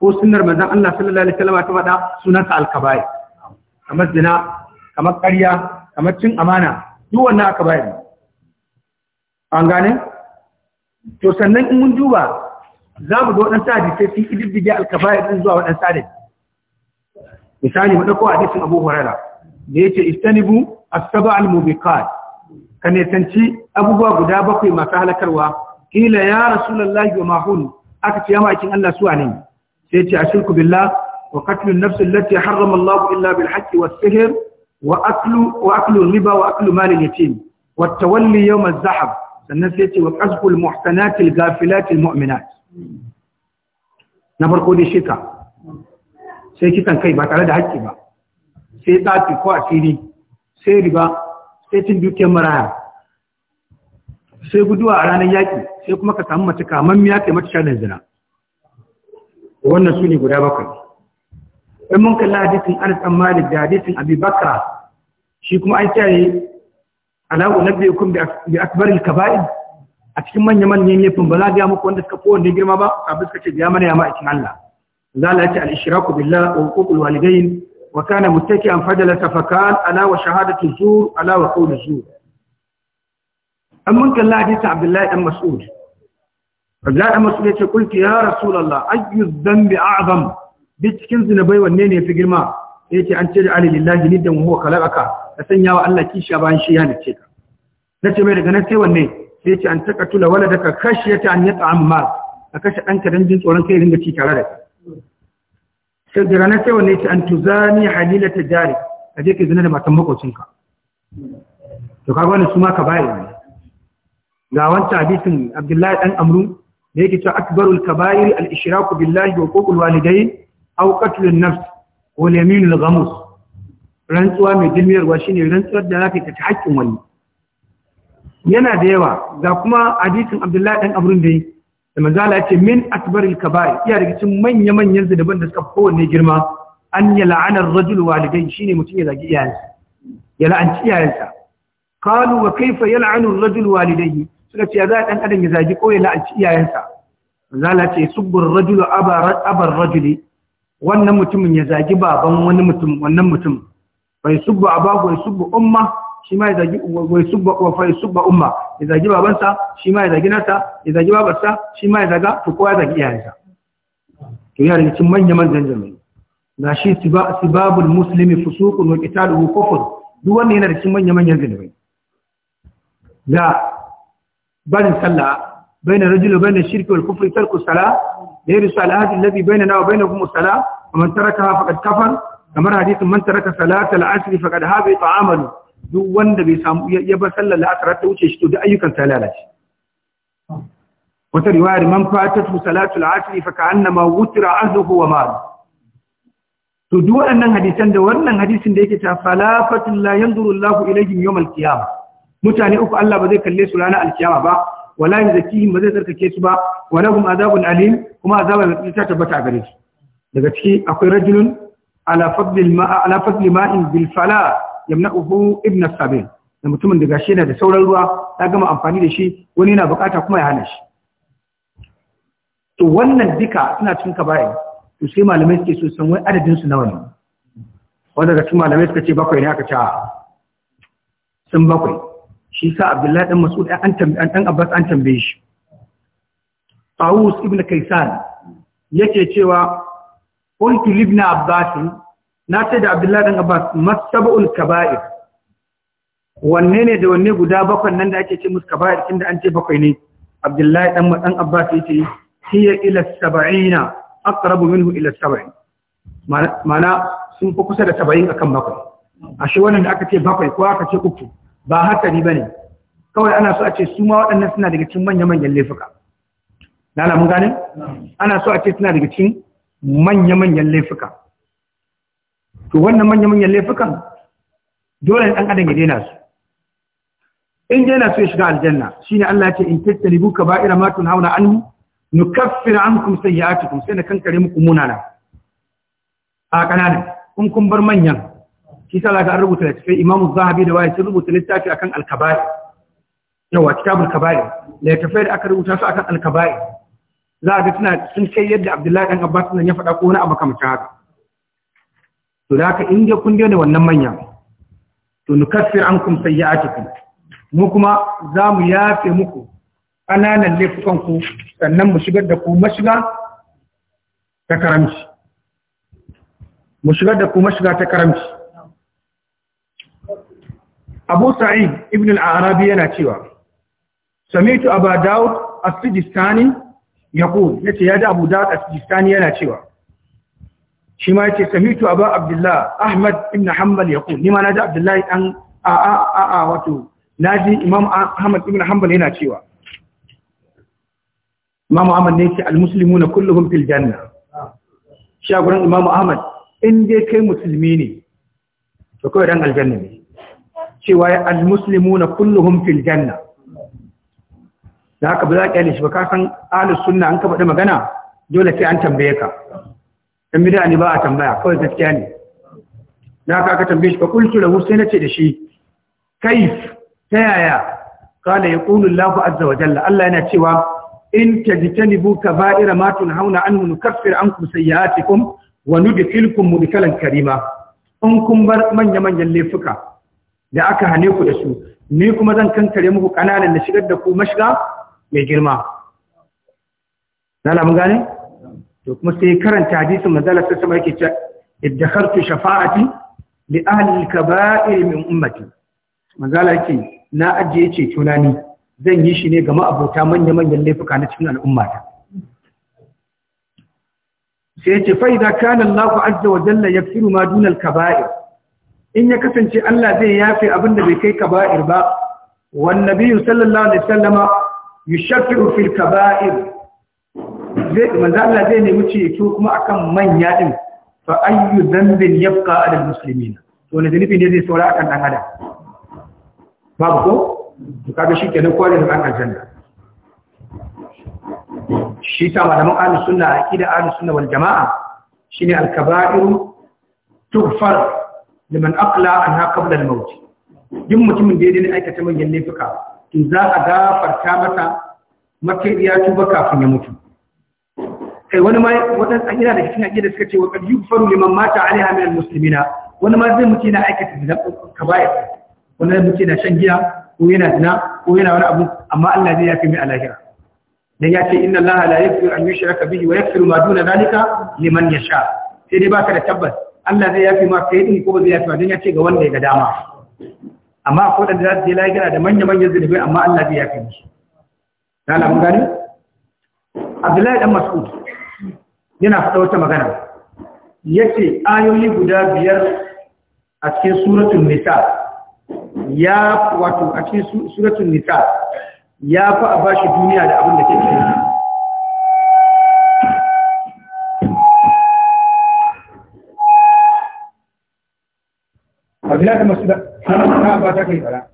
ko sunnar manzon Allah sallallahu alaihi wasallam ta sunan sunansa alkaba'i kamar zina kamar ƙarya kamar cin amana duk wannan akaba'i an gane to sannan in mun duba za mu ga waɗansu hadisai sun ƙididdige alkaba'i din zuwa waɗansu hadisai misali mu ɗauko hadisin Abu Hurairah da yace istanibu as-sab'a al-mubiqat ka nesanci abubuwa guda bakwai masu halakarwa ƙila ya rasulallahi wa mahun aka ce yama kin Allah suwa ne sai ce billah wa qatlun nafsin lati harrama Allah illa bil haqqi was sihr wa aklu wa aklu riba wa aklu mal yatim wa tawalli yawm az-zahab sannan sai ce wa qazfu al muhsanat al ghafilat al mu'minat na farko dai shika sai kitan kai ba tare da haƙƙi ba sai tsafi ko asiri sai riba sai cin dukiyar maraya sai guduwa a ranar yaƙi sai kuma ka samu mace kamammiya kai mata shaɗin zina wannan su ne guda bakwai ɗan mun kalla hadisin anas an malik da hadisin abi shi kuma an kiyaye alaƙu na biyu kun bi akbaril kaba'i a cikin manya manyan laifin ba za a biya muku wanda suka kowanne girma ba kafin suka ce biya mana ya ma'aikin Allah za a lalace al-ishraku billah wa huququl walidayn وكان متكئا فجلس فكان ألا وشهادة الزور ألا وقول الزور أم منك الله حديث عبد الله أم مسؤول عبد الله أم مسؤول قلت يا رسول الله أي الذنب أعظم بيتكن زنبي والنين في جرما يتي أن تجعل لله ندا وهو خلقك أسنيا وألا كيشا بان شيئا نتشيك نتشي ميرك نتشي والنين يتي أن تقتل ولدك خشية أن يطعم مال أكشف أنك رنجنس ورنكي رنجتي على ذلك sai da ranar sai wanne ce an tuzani halila ta jari a je ka zina da matan makocinka to kaga wani su ma ka bayi ne ga wancan hadisin abdullahi dan amru da yake cewa akbarul kaba'ir al-ishraku billahi wa uququl walidayn aw an nafs yamin al ghamus rantsuwa mai dilmiyarwa shine rantsuwar da zaka ta hakkin wani yana da yawa ga kuma hadisin abdullahi dan amru da yake da manzala ya ce min akbaril kaba'ir iya daga cikin manya manyan daban da suka kowanne girma an ya la'anar rajul walidai shine mutum ya zagi iyayensa ya la'anci iyayensa Kalu wa kaifa ya la'anar rajul walidai suka ce za dan adam ya zagi ko ya la'anci iyayensa manzala ce subbur rajul abar rajuli wannan mutumin ya zagi baban wani mutum wannan mutum bai subu abahu ya subbu umma shi ma ya zagi wa subba umma ya zagi babansa shi ma ya zagi nasa ya shi ma zaga to kowa ya zagi iyayensa to yana cikin manyan na shi sibabul muslimi fusuqun wa qitaluhu kufr duk cikin manyan manyan sallah بين الرجل وبين الشرك والكفر ترك الصلاة غير الصلاة الذي بيننا وبينكم الصلاة ومن تركها فقد كفر كما حديث من ترك صلاة العصر فقد هابط عمله duk wanda bai samu ya ba sallar la'asar ta wuce shi to duk ayyukan ta lalace wata riwayar man fatatu salatul asri fa ka'annama wutira ahluhu wa malu to duk waɗannan hadisan da wannan hadisin da yake ta falafatul la yanzuru Allahu ilayhim yawm al-qiyamah mutane uku Allah ba zai kalle su ranar alkiyama ba wala yuzakihim ba zai tsarkake su ba wala hum azabun alim kuma azabar ta tabbata gare su daga ciki akwai rajulun ala fadli ma'a ala fadli ma'in bil yamna'uhu ibn sabil da mutumin da gashi yana da sauran ruwa ta gama amfani da shi wani yana bukata kuma ya hana shi to wannan duka suna cikin kaba'ir to sai malamai suke so san wai adadin su nawa ne wanda daga cikin malamai suka ce bakwai ne aka ce sun bakwai shi sa abdullahi dan mas'ud an tambaye dan abbas an tambaye shi Tawus ibn Kaisan yake cewa qultu ibn Abbas na ce da abdullahi dan abbas mastabul kaba'ir wanne ne da wanne guda bakwai nan da ake ce musu kaba'ir da an ce bakwai ne abdullahi dan dan abbas ce hiya ila 70 aqrabu minhu ila saba'in, mana sun fi kusa da saba'in akan bakwai ashe wannan da aka ce bakwai ko aka ce uku ba haka ba bane kawai ana so a ce su ma waɗannan suna daga cikin manya manyan laifuka na mun gane ana so a ce suna daga cikin manya manyan laifuka to wannan manyan manyan laifukan dole ne ɗan adam ya daina su in yana su ya shiga aljanna ne Allah ya ce in tattalibu kaba'ira ma tunhauna an nukaffir ankum sayyi'atikum sai na kankare muku munana a kanana kun kun bar manyan shi sa zaka rubuta cikin Imam Zahabi da wayar rubuta littafi akan al-kaba'ir yawa kitabul kaba'ir littafin da aka rubuta su akan al-kaba'ir za ga suna sun kai yadda Abdullahi dan Abbas nan ya faɗa ko wani abu kamar haka to da haka in dai kun daina wannan manya to nukaffir ankum sayyi'atikum mu kuma za mu yafe muku ƙananan laifukan ku sannan mu shigar da ku mashiga ta karamci mu shigar da ku mashiga ta karamci Abu Sa'id ibn al-Arabi yana cewa Samitu Abu Dawud as-Sijistani yaqul yace ya da Abu Dawud as-Sijistani yana cewa shi ma ce, samitu aba abdullah ahmad ibn hanbal yaqul ni ma naji abdullah dan a a a a wato naji imam ahmad ibn hanbal yana cewa imam ahmad ne ce al muslimuna kulluhum fil janna shi gurin imam ahmad in dai kai musulmi ne to kai dan aljanna ne cewa ya al muslimuna kulluhum fil janna da haka ba za ka yi shi ba ka san ahlus sunna an ka faɗi magana dole sai an tambaye ka dan bid'a ne ba a tambaya kawai gaskiya ne na ka ka tambaye shi fa qultu lahu sai nace da shi kaif ta yaya kana yaqulu Allahu azza wa jalla Allah yana cewa in tajtanibu kaba'ira ma tunhauna an nukaffir ankum sayyi'atikum wa nudkhilkum mudkhalan karima in kun bar manya manyan laifuka da aka hane ku da su ni kuma zan kankare muku kananan da shigar da ku mashiga mai girma na lamun gane to kuma sai karanta hadisin manzala sai sama yake cewa idakhartu shafa'ati li ahli al-kaba'ir min ummati manzala yake na ajiye ce tunani ni zan yi shi ne ga ma'abota manya manyan laifuka na cikin al'ummata sai yace fa idza kana Allahu azza wa jalla yaghfiru ma duna al-kaba'ir in ya kasance Allah zai yafe abin da bai kai kaba'ir ba wan nabiyyu sallallahu alaihi wasallama yushaffiru fil kaba'ir zai manzo Allah zai nemi ceto kuma akan manya din fa ayyu dhanbin yabqa ala muslimin to ne zunubi ne zai saura akan dan adam babu ko to shi shikenan kware da kan aljanna shi ta malaman ahlus sunna aqida ahlus sunna wal jamaa shine al kaba'ir tughfar liman aqla anha qabla al maut duk mutumin da ya dena aikata manyan laifuka to za a gafarta mata ya tuba kafin ya mutu kai eh, wani ma an akida da cikin akida suka ce wa qad yughfaru liman mata alaiha min almuslimina wani ma zai mutu yana aikata zina kaba'ir wani zai mutu yana shan giya ko yana zina ko yana wani abu amma Allah zai yafi mai alahira dan ya ce inna Allah la yafi an yushraka bihi wa yafi ma duna zalika liman yasha sai dai baka da tabbas Allah zai yafi ma kai din ko ba zai yafi ba dan ya ce ga wanda ya ga dama amma ko da zai je lahira da manya manyan zunubai amma Allah zai yafi musu Na Allah mun gani Abdullahi dan Mas'ud yana faɗa wata magana yace ayoyi guda biyar a cikin suratul nisa ya wato a cikin suratul nisa ya fa a bashi duniya da abin da ke cikin Abdullahi da masu da, ba ta kai fara.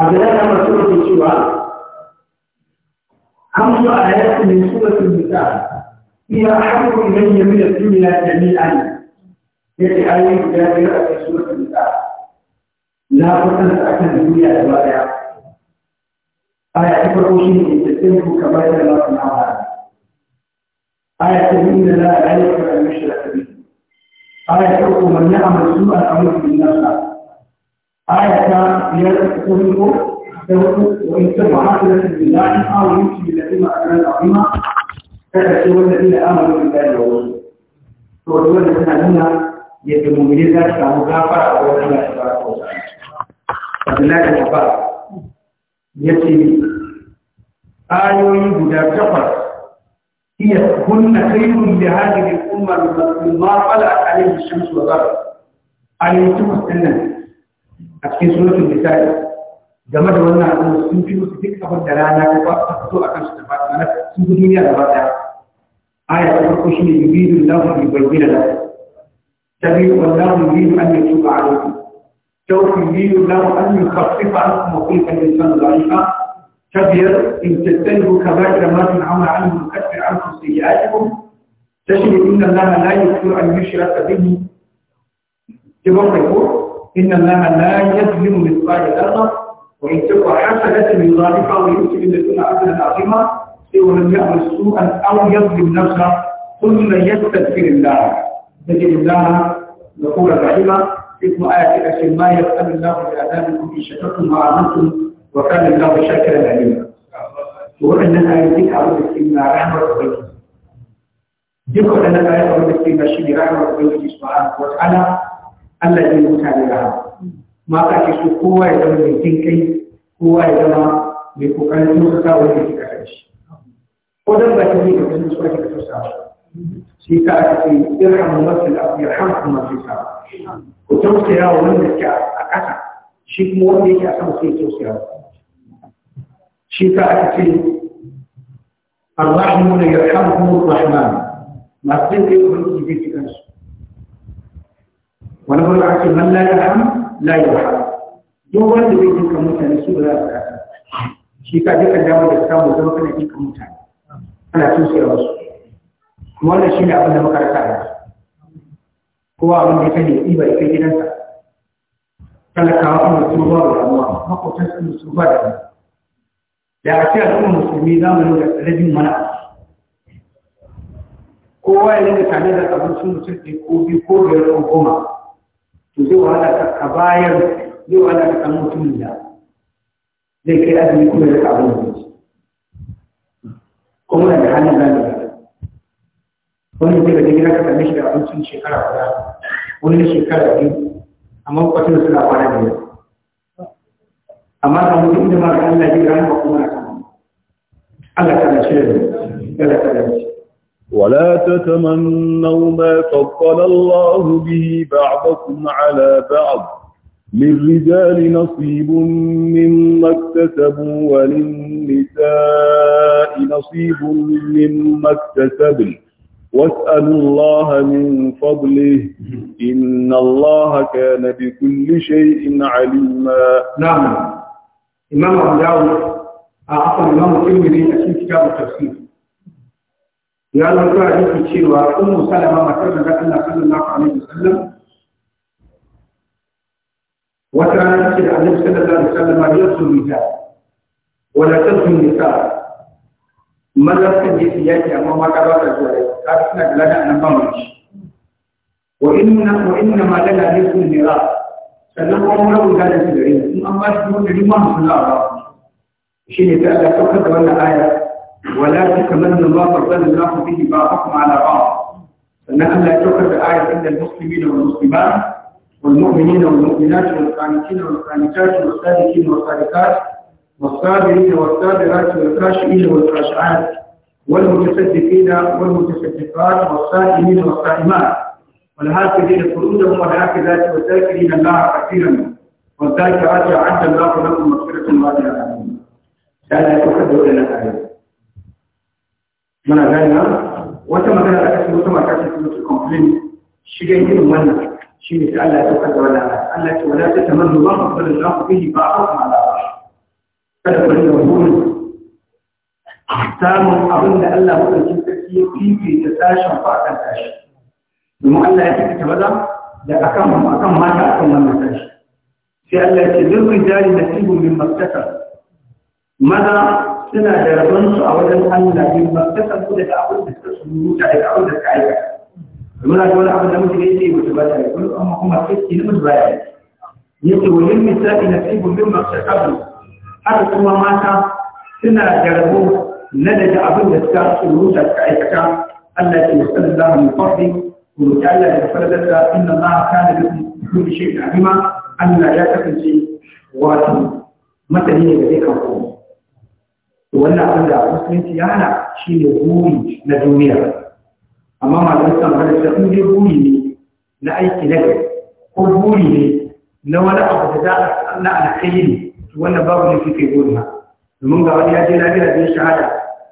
abdullahi na masu rufe cewa hamsu a hayatu min suratul nisa iya hamsu man yamina duniya jami'an yace ayoyi guda biyar a cikin wasu nisa na kwatanta akan duniya da daya aya ta ya shine ittaqimu kama da Allah ta'ala aya ta biyu da la ilaha illa huwa al-mushrikun aya ta uku man ya'mal su'an aw yusbi nafsahu آية يذكركم وإن تبع عاقلة بالله أو يمشي بالذين أجرى العظيمة فأشوا الذين آمنوا بالله ورسوله فهو الذين هنا يتمولي ذلك مغافرة ورحمة تبارك وتعالى فبالله الأخبار يأتي آيوي بدا كفر هي كن خير لهذه الأمة مما طلعت عليه الشمس والغرب أن يتم السنة a cikin suratul nisa'i game da wannan abin sun fi musu duk abin da rana ko ba su fito akan su ta ba mana sun fi duniya gaba ɗaya. aya ta farko shine yuridu Allahu bi bayyana lahu tabi wallahu yuridu an yutuba alaykum tawfi yuridu Allahu an yukhaffifa ankum wa kullu insanu dha'ifa كبير إن تتنهوا كبائر ما Ta shi ne inda سيئاتكم تجد إن an yi يغفر أن يشرك به تبقى ko. إن الله لا يظلم مثقال ذرة وإن تك حسنة يضاعفها ويؤتي تكون حسنة عظيمة عظيما ولم يعمل سوءا أو يظلم نفسه ثم يستغفر الله تجد الله نقول رحيما اسم آية أشهر ما يفعل الله بآذانكم إن شكرتم وآمنتم وكان الله شاكرا عليما وأننا يديك أبو بسينا رحمة ربك ذكر أن الآية أبو بسينا شيء رحمة ربك سبحانه وتعالى Allah zai mutane rahama mata ke so kowa ya zama mai jin kai kowa ya zama mai kokarin tausasa wanda ke kasa shi ko dan ba ta yi ka kasance su ake tausasa shi ka aka ce irhamu masu lafiya hamsu masu sa ku tausaya wa wanda ke a ƙasa shi kuma wanda yake a sama sai tausaya shi ka aka ce arrahimuna yarhamuhumur rahman masu jin kai ubangiji zai ci kansu manzo ake man la yarham la yarham duk wanda bai duka mutane su ba za su kasa shi ka duka damu da samu zama kana jinka mutane ana tusaya wasu kuma wannan shi ne abin da makarata a yanzu kowa abin da ya sani ya ɗiba ya kai gidansa talakawa kuma su ba da damuwa makwabtan su su ba da damuwa da a ce al'ummar musulmi za mu da rabin mana kowa ya rinka tare da abincin mutum ko biyu ko biyar ko goma to zai wahala ka bayar zai wahala ka san mutumin da zai kai azumi kuma ya kawo da shi kuma da hannun da ne wani zai ga gida ka same shi da abincin shekara guda wani shekara biyu amma kwatin suna kwana da yau amma da mutum da mara Allah zai gane ba kuma na kama Allah ta da shi da Allah ta da shi ولا تتمنوا ما فضل الله به بعضكم على بعض للرجال نصيب مما اكتسبوا وللنساء نصيب مما اكتسبن واسألوا الله من فضله إن الله كان بكل شيء عليما نعم إمام أبو داود أعطى آه، الإمام الترمذي في كتاب التفسير ya lantar hadisi cewa ummu salama matar da Allah sallallahu alaihi wasallam wata rana ce da annabi sallallahu alaihi wasallam ya su rija wala tasu nisa maza sun je su yaki amma mata ba ta zuwa yau ta suna da ladan nan ba mu ci wa inna wa inna ma lana nisun nira sannan kuma mun rubuta da su gare in an ba shi mun da rima mun Allah shi ne ta Allah ka da wannan aya ولا تتمنى الله فضل الله به بعضكم على بعض فإنها لا تؤخذ آية إلا المسلمين والمسلمات والمؤمنين والمؤمنات والقانتين والقانتات والصادقين والصادقات والصابرين والصابرات والخاشعين والخاشعات والمتصدقين والمتصدقات والصائمين والصائمات والهاكذين قلوبهم والهاكذات والذاكرين الله كثيرا والذاكرات أعد الله لكم مغفرة وأجرا عظيما. لا تؤخذ إلا الآية. muna gani na wata magana da kasance wata mata ce su complain shigan irin wannan shi ne sai Allah ya saukar da wannan Allah ce wala ta tamannu ba ku bari za ku fihi ba ku ma ba kada ku rinka burin samun abin da Allah madaukakin sarki ya fifita sashen fa kan tashi domin Allah ya fifita maza da akan akan mata akan wannan tashi sai Allah ya ce lil rijali nasibun min maktasab maza suna da rabonsu a wajen Allah ne ba ta san ku daga abin da suka suruta daga abin da suka aikata Muna a wani abin da muke yi ce mutu ba ta ko kuma amma kuma fiski na mutu ba ya yi ya ce wani misali na fi gumbin masu kabu haka kuma mata suna da rabo na daga abin da suka suruta suka aikata Allah ya ce wasu da mu fafi ku ta Allah ya fara da inna ma kana da kullu shay'in abima. Allah ya kasance wato masani ne da zai kawo wannan abin musulunci ya hana shi ne buri na duniya amma malamin san ta in buri ne na aiki na gari ko buri ne na wani abu da za a na alkhairi to wannan babu ne kike buri ma domin ga wani ya je lafiya da shahada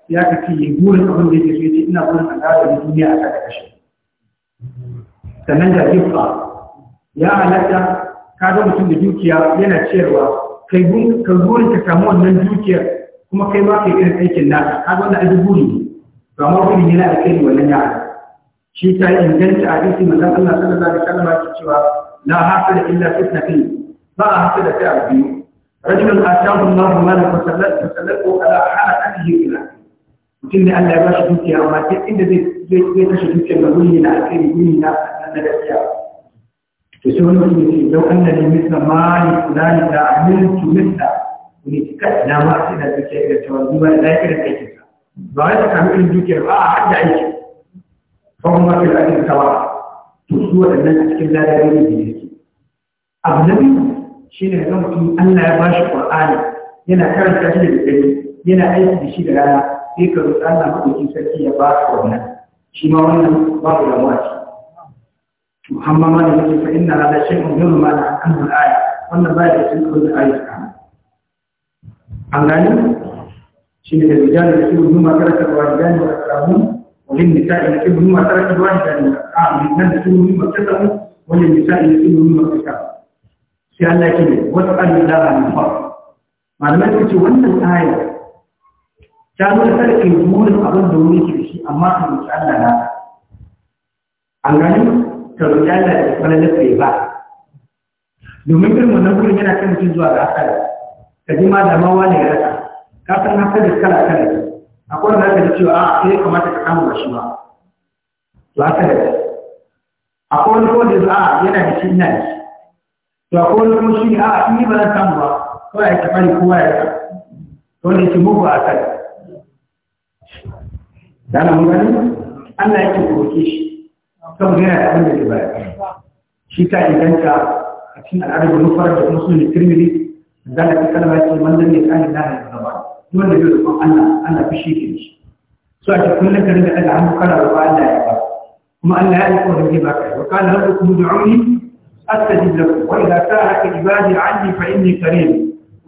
ya ka ce yin burin abin da yake so yace ina burin an da duniya a kada kashe sannan da gifta ya halatta ka ga mutum da dukiya yana ciyarwa kai buri ka samu wannan dukiyar kuma kai ma kai irin aikin naka ka ga wannan ajiburi buri to amma wani yana da kai wannan ya shi ta yi inganta hadisi manzon Allah sallallahu alaihi wasallam ya cewa la hasada illa fitnatin ba hasada ta abu rajulun atahu Allah mala fa sallatu sallatu ala halatihi ila mutum ne Allah ya ba shi dukiya amma duk inda zai zai kashe dukiya ga wuri na alkhairi wuri na na gaskiya to sai wani mutum ya ce lau annani misla mali fulani da amiltu misla ne cika na ma sai da dukiya irin ta wani ba da irin aikin sa ba wai ta kama in dukiyar ba a hada aiki ba kuma mafi da aikin ba to su waɗannan a cikin ladabi ne da yake abu na biyu shi ne ga mutum Allah ya bashi Qur'ani yana karanta shi da dare yana aiki da shi da rana sai ka roƙi Allah madaukin sarki ya ba ka wannan shi ma wannan babu damuwa ce to amma ma ne yake fa inna la shay'un yurma an al-aya wannan ba da cikin da ayyuka an gani shi ne da rijali da kibin numa tara ta ruwa rijali wa akramu wajen nisa'i da kibin numa tara ta ruwa rijali wa akramu ah, nan da kibin numa ta samu wajen nisa'i da kibin numa ta sai Allah ke ne wasu ƙalilawa ne fa malamai ce wannan ayar ta nuna sarki burin abin da wuri ke shi amma roƙi Allah na an gani ta roƙi Allah da da ba domin irin wannan burin yana kan mutum zuwa ga asali ka da ma dama wani ya rasa ka san na da kala kala akwai wanda ka ji cewa a ah, ya kamata ka kama shi ba to haka da akwai wani kawai da a ah, yana da shi ina da shi to akwai wani kuma shi a ah, ni yi ba zan samu ba ko ya tafi kowa ya To ne ki mugu a kai da na mun Allah yake koke shi saboda yana da abin da ke bayar shi ta ka a cikin al'adar da da kuma sunan tirmidhi zaka ta kalma ce wannan ne kan da ya gaba wanda da kuma Allah Allah fushi ke shi so a cikin kullun ka rinka daga hannu kana roƙon Allah ya ba kuma Allah ya yi kokarin zai baka wa kana rabbukum ud'uni astajib lakum wa idza sa'alaka ibadi 'anni fa inni qareeb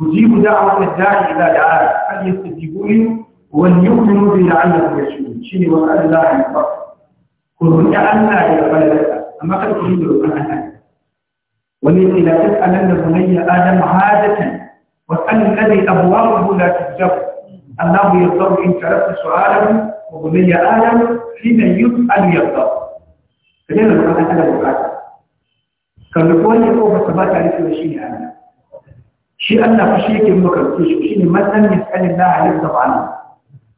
ujibu da'wata da'i idza da'a falyastajibu li wal yu'minu bi la'allahum yashkurun shine wa Allah ya ba ku roƙi Allah ya balaka amma kada ku yi da Allah وليس لا تسألن بني آدم عادة واسأل الذي أبوابه لا تحجب الله يرضى إن تركت سؤاله وبني آدم حين يسأل يرضى فلينا نقول أنا بقعد كان يقول لي هو بس ما تعرف شيء أنا شيء أنا في شيء كم نكرتوش شيء مثلا يسأل الله عليه طبعا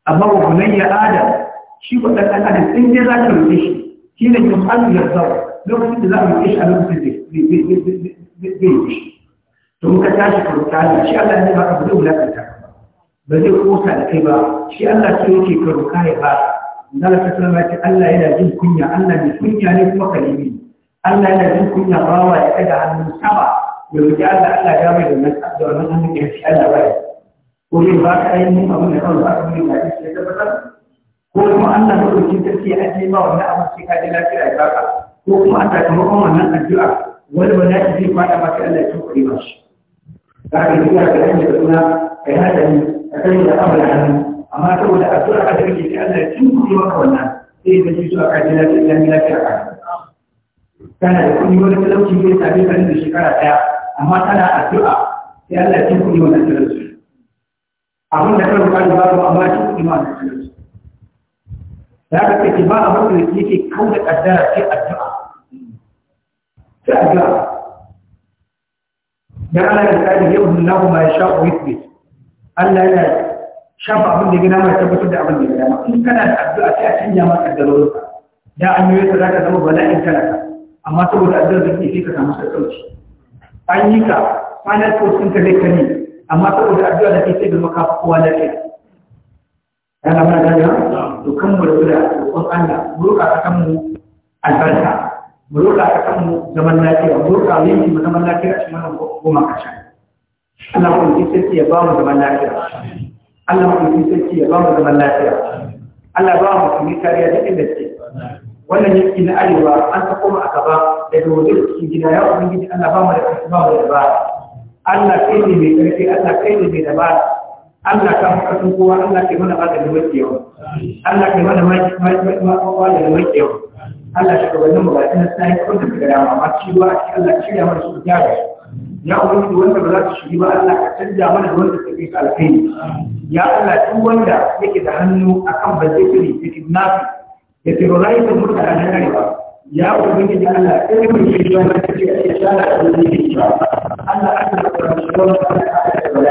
أما وبني آدم شيء وأنا أنا إن ذاك الشيء حين يسأل يرضى lokacin da za a shi a lokacin zai yi shi to muka tashi karuta da shi Allah ne ba ka bude wulakanta ba zai kosa da kai ba shi Allah ce yake karuta ya ba zala ta sallama ce Allah yana jin kunya Allah ne kunya ne kuma kalimi Allah yana jin kunya bawa ya ɗaga hannun sama ya roƙi Allah Allah ya mai da wannan hannun ya shi Allah ba ko zai ba ka ainihin abin da kawai ba ka mai da shi ya tabbatar ko kuma Allah ne roƙi ta ce a ce ma wannan abin sai ka ji lafiya ya ko kuma a sakamakon wannan addu'a wani ba zai zai fada ba sai Allah ya tuka riba shi za ka yi ga kan da suna kai hadari a kan da amala hannu amma saboda addu'a ka da kake sai Allah ya tuka maka wannan sai ka ji zuwa kan da lafiya lafiya ka kana da kuɗi wani talauci zai same ka da shekara ɗaya amma kana addu'a sai Allah ya tuka wannan talauci abin da kan kan babu amma shi kuɗi ma da talauci za ka ce ba abin da yake kauna kaddara sai addu'a sai addu'a dan Allah ya tsari yau Allahu ma yasha wa yuthbit Allah yana shafa abin da gina mai tabbatar da abin da gina ma in kana da addu'a sai a canja maka kaddarorin ka da an yi za ka zama bala'in talaka amma saboda addu'a da ke sai ka samu sauki an yi ka final course ɗin ka zai kani amma saboda addu'a da ke sai da maka kowa ke. yana mana gani to kan mu da roƙon Allah mu roƙa ka kan mu albarka mu roƙa a kan mu zaman lafiya mu roƙa a zaman lafiya a mana wannan goma ƙarshe Allah mu yi sarki ya ba mu zaman lafiya Allah mu yi sarki ya ba mu zaman lafiya Allah ba mu kuma kariya da inda ce wannan yanki na arewa an ta koma a gaba daga wajen cikin gida ya ubangiji Allah ba mu da ƙarfi ba mu da Allah kai ne mai Allah kai ne mai dabara Allah ka haka kowa Allah ke mana ba da mai yawa Allah ke mana mai mai Allah shi nan bukatun na sai ko da daga dama amma shi ba shi Allah shi ya mana ya ga ya ubangiji wanda ba za su shiri ba Allah ka canja mana da wanda take ka alkhairi ya Allah duk wanda yake da hannu akan bazikiri da rai da terrorizing da na ba ya ubangiji Allah sai mai shi ya shi ya Allah ya yi shi Allah Allah ya yi shi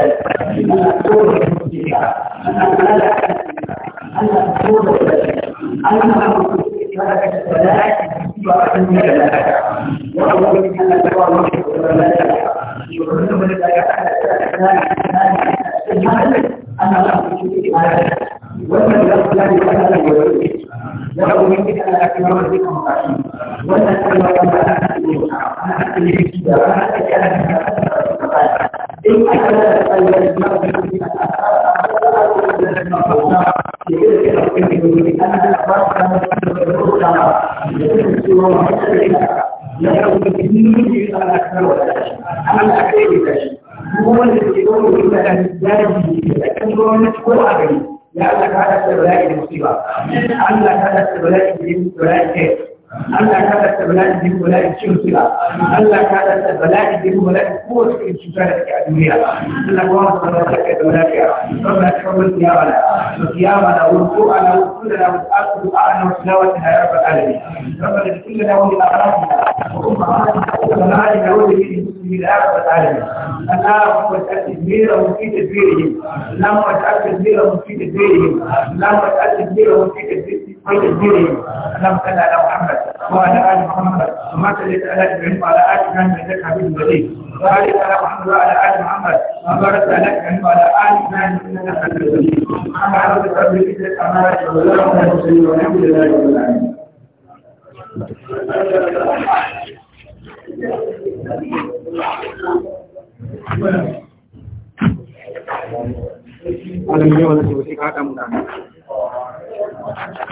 Allah ka da bala'i da kuma bala'i ko wasu irin cuta da suke a duniya Allah ka wani sanar da kai da bala'i a rabbana taqabbal qiyamana wa qiyamana wa ruku'ana wa kullana wa aqulu a'ana wa tilawatina ya rabbal alamin rabbana ighfir lana wa li akhawina wa ummatina wa abna'ina wa للمسلمين يا رب العالمين اللهم اجعل تدبيرهم في تدبيرهم اللهم اجعل تدبيرهم في تدبيرهم اللهم اجعل تدبيرهم في تدبيرهم ويزيره اللهم صل على محمد وعلى ال محمد وما صليت على ابراهيم وعلى ال ابراهيم انك حميد مجيد وبارك على محمد وعلى ال محمد وبارك على ابراهيم وعلى ال ابراهيم انك حميد مجيد اللهم رب رب العزه عما يصفون والحمد لله رب العالمين Alam niyo wala si Wasi Kata muna.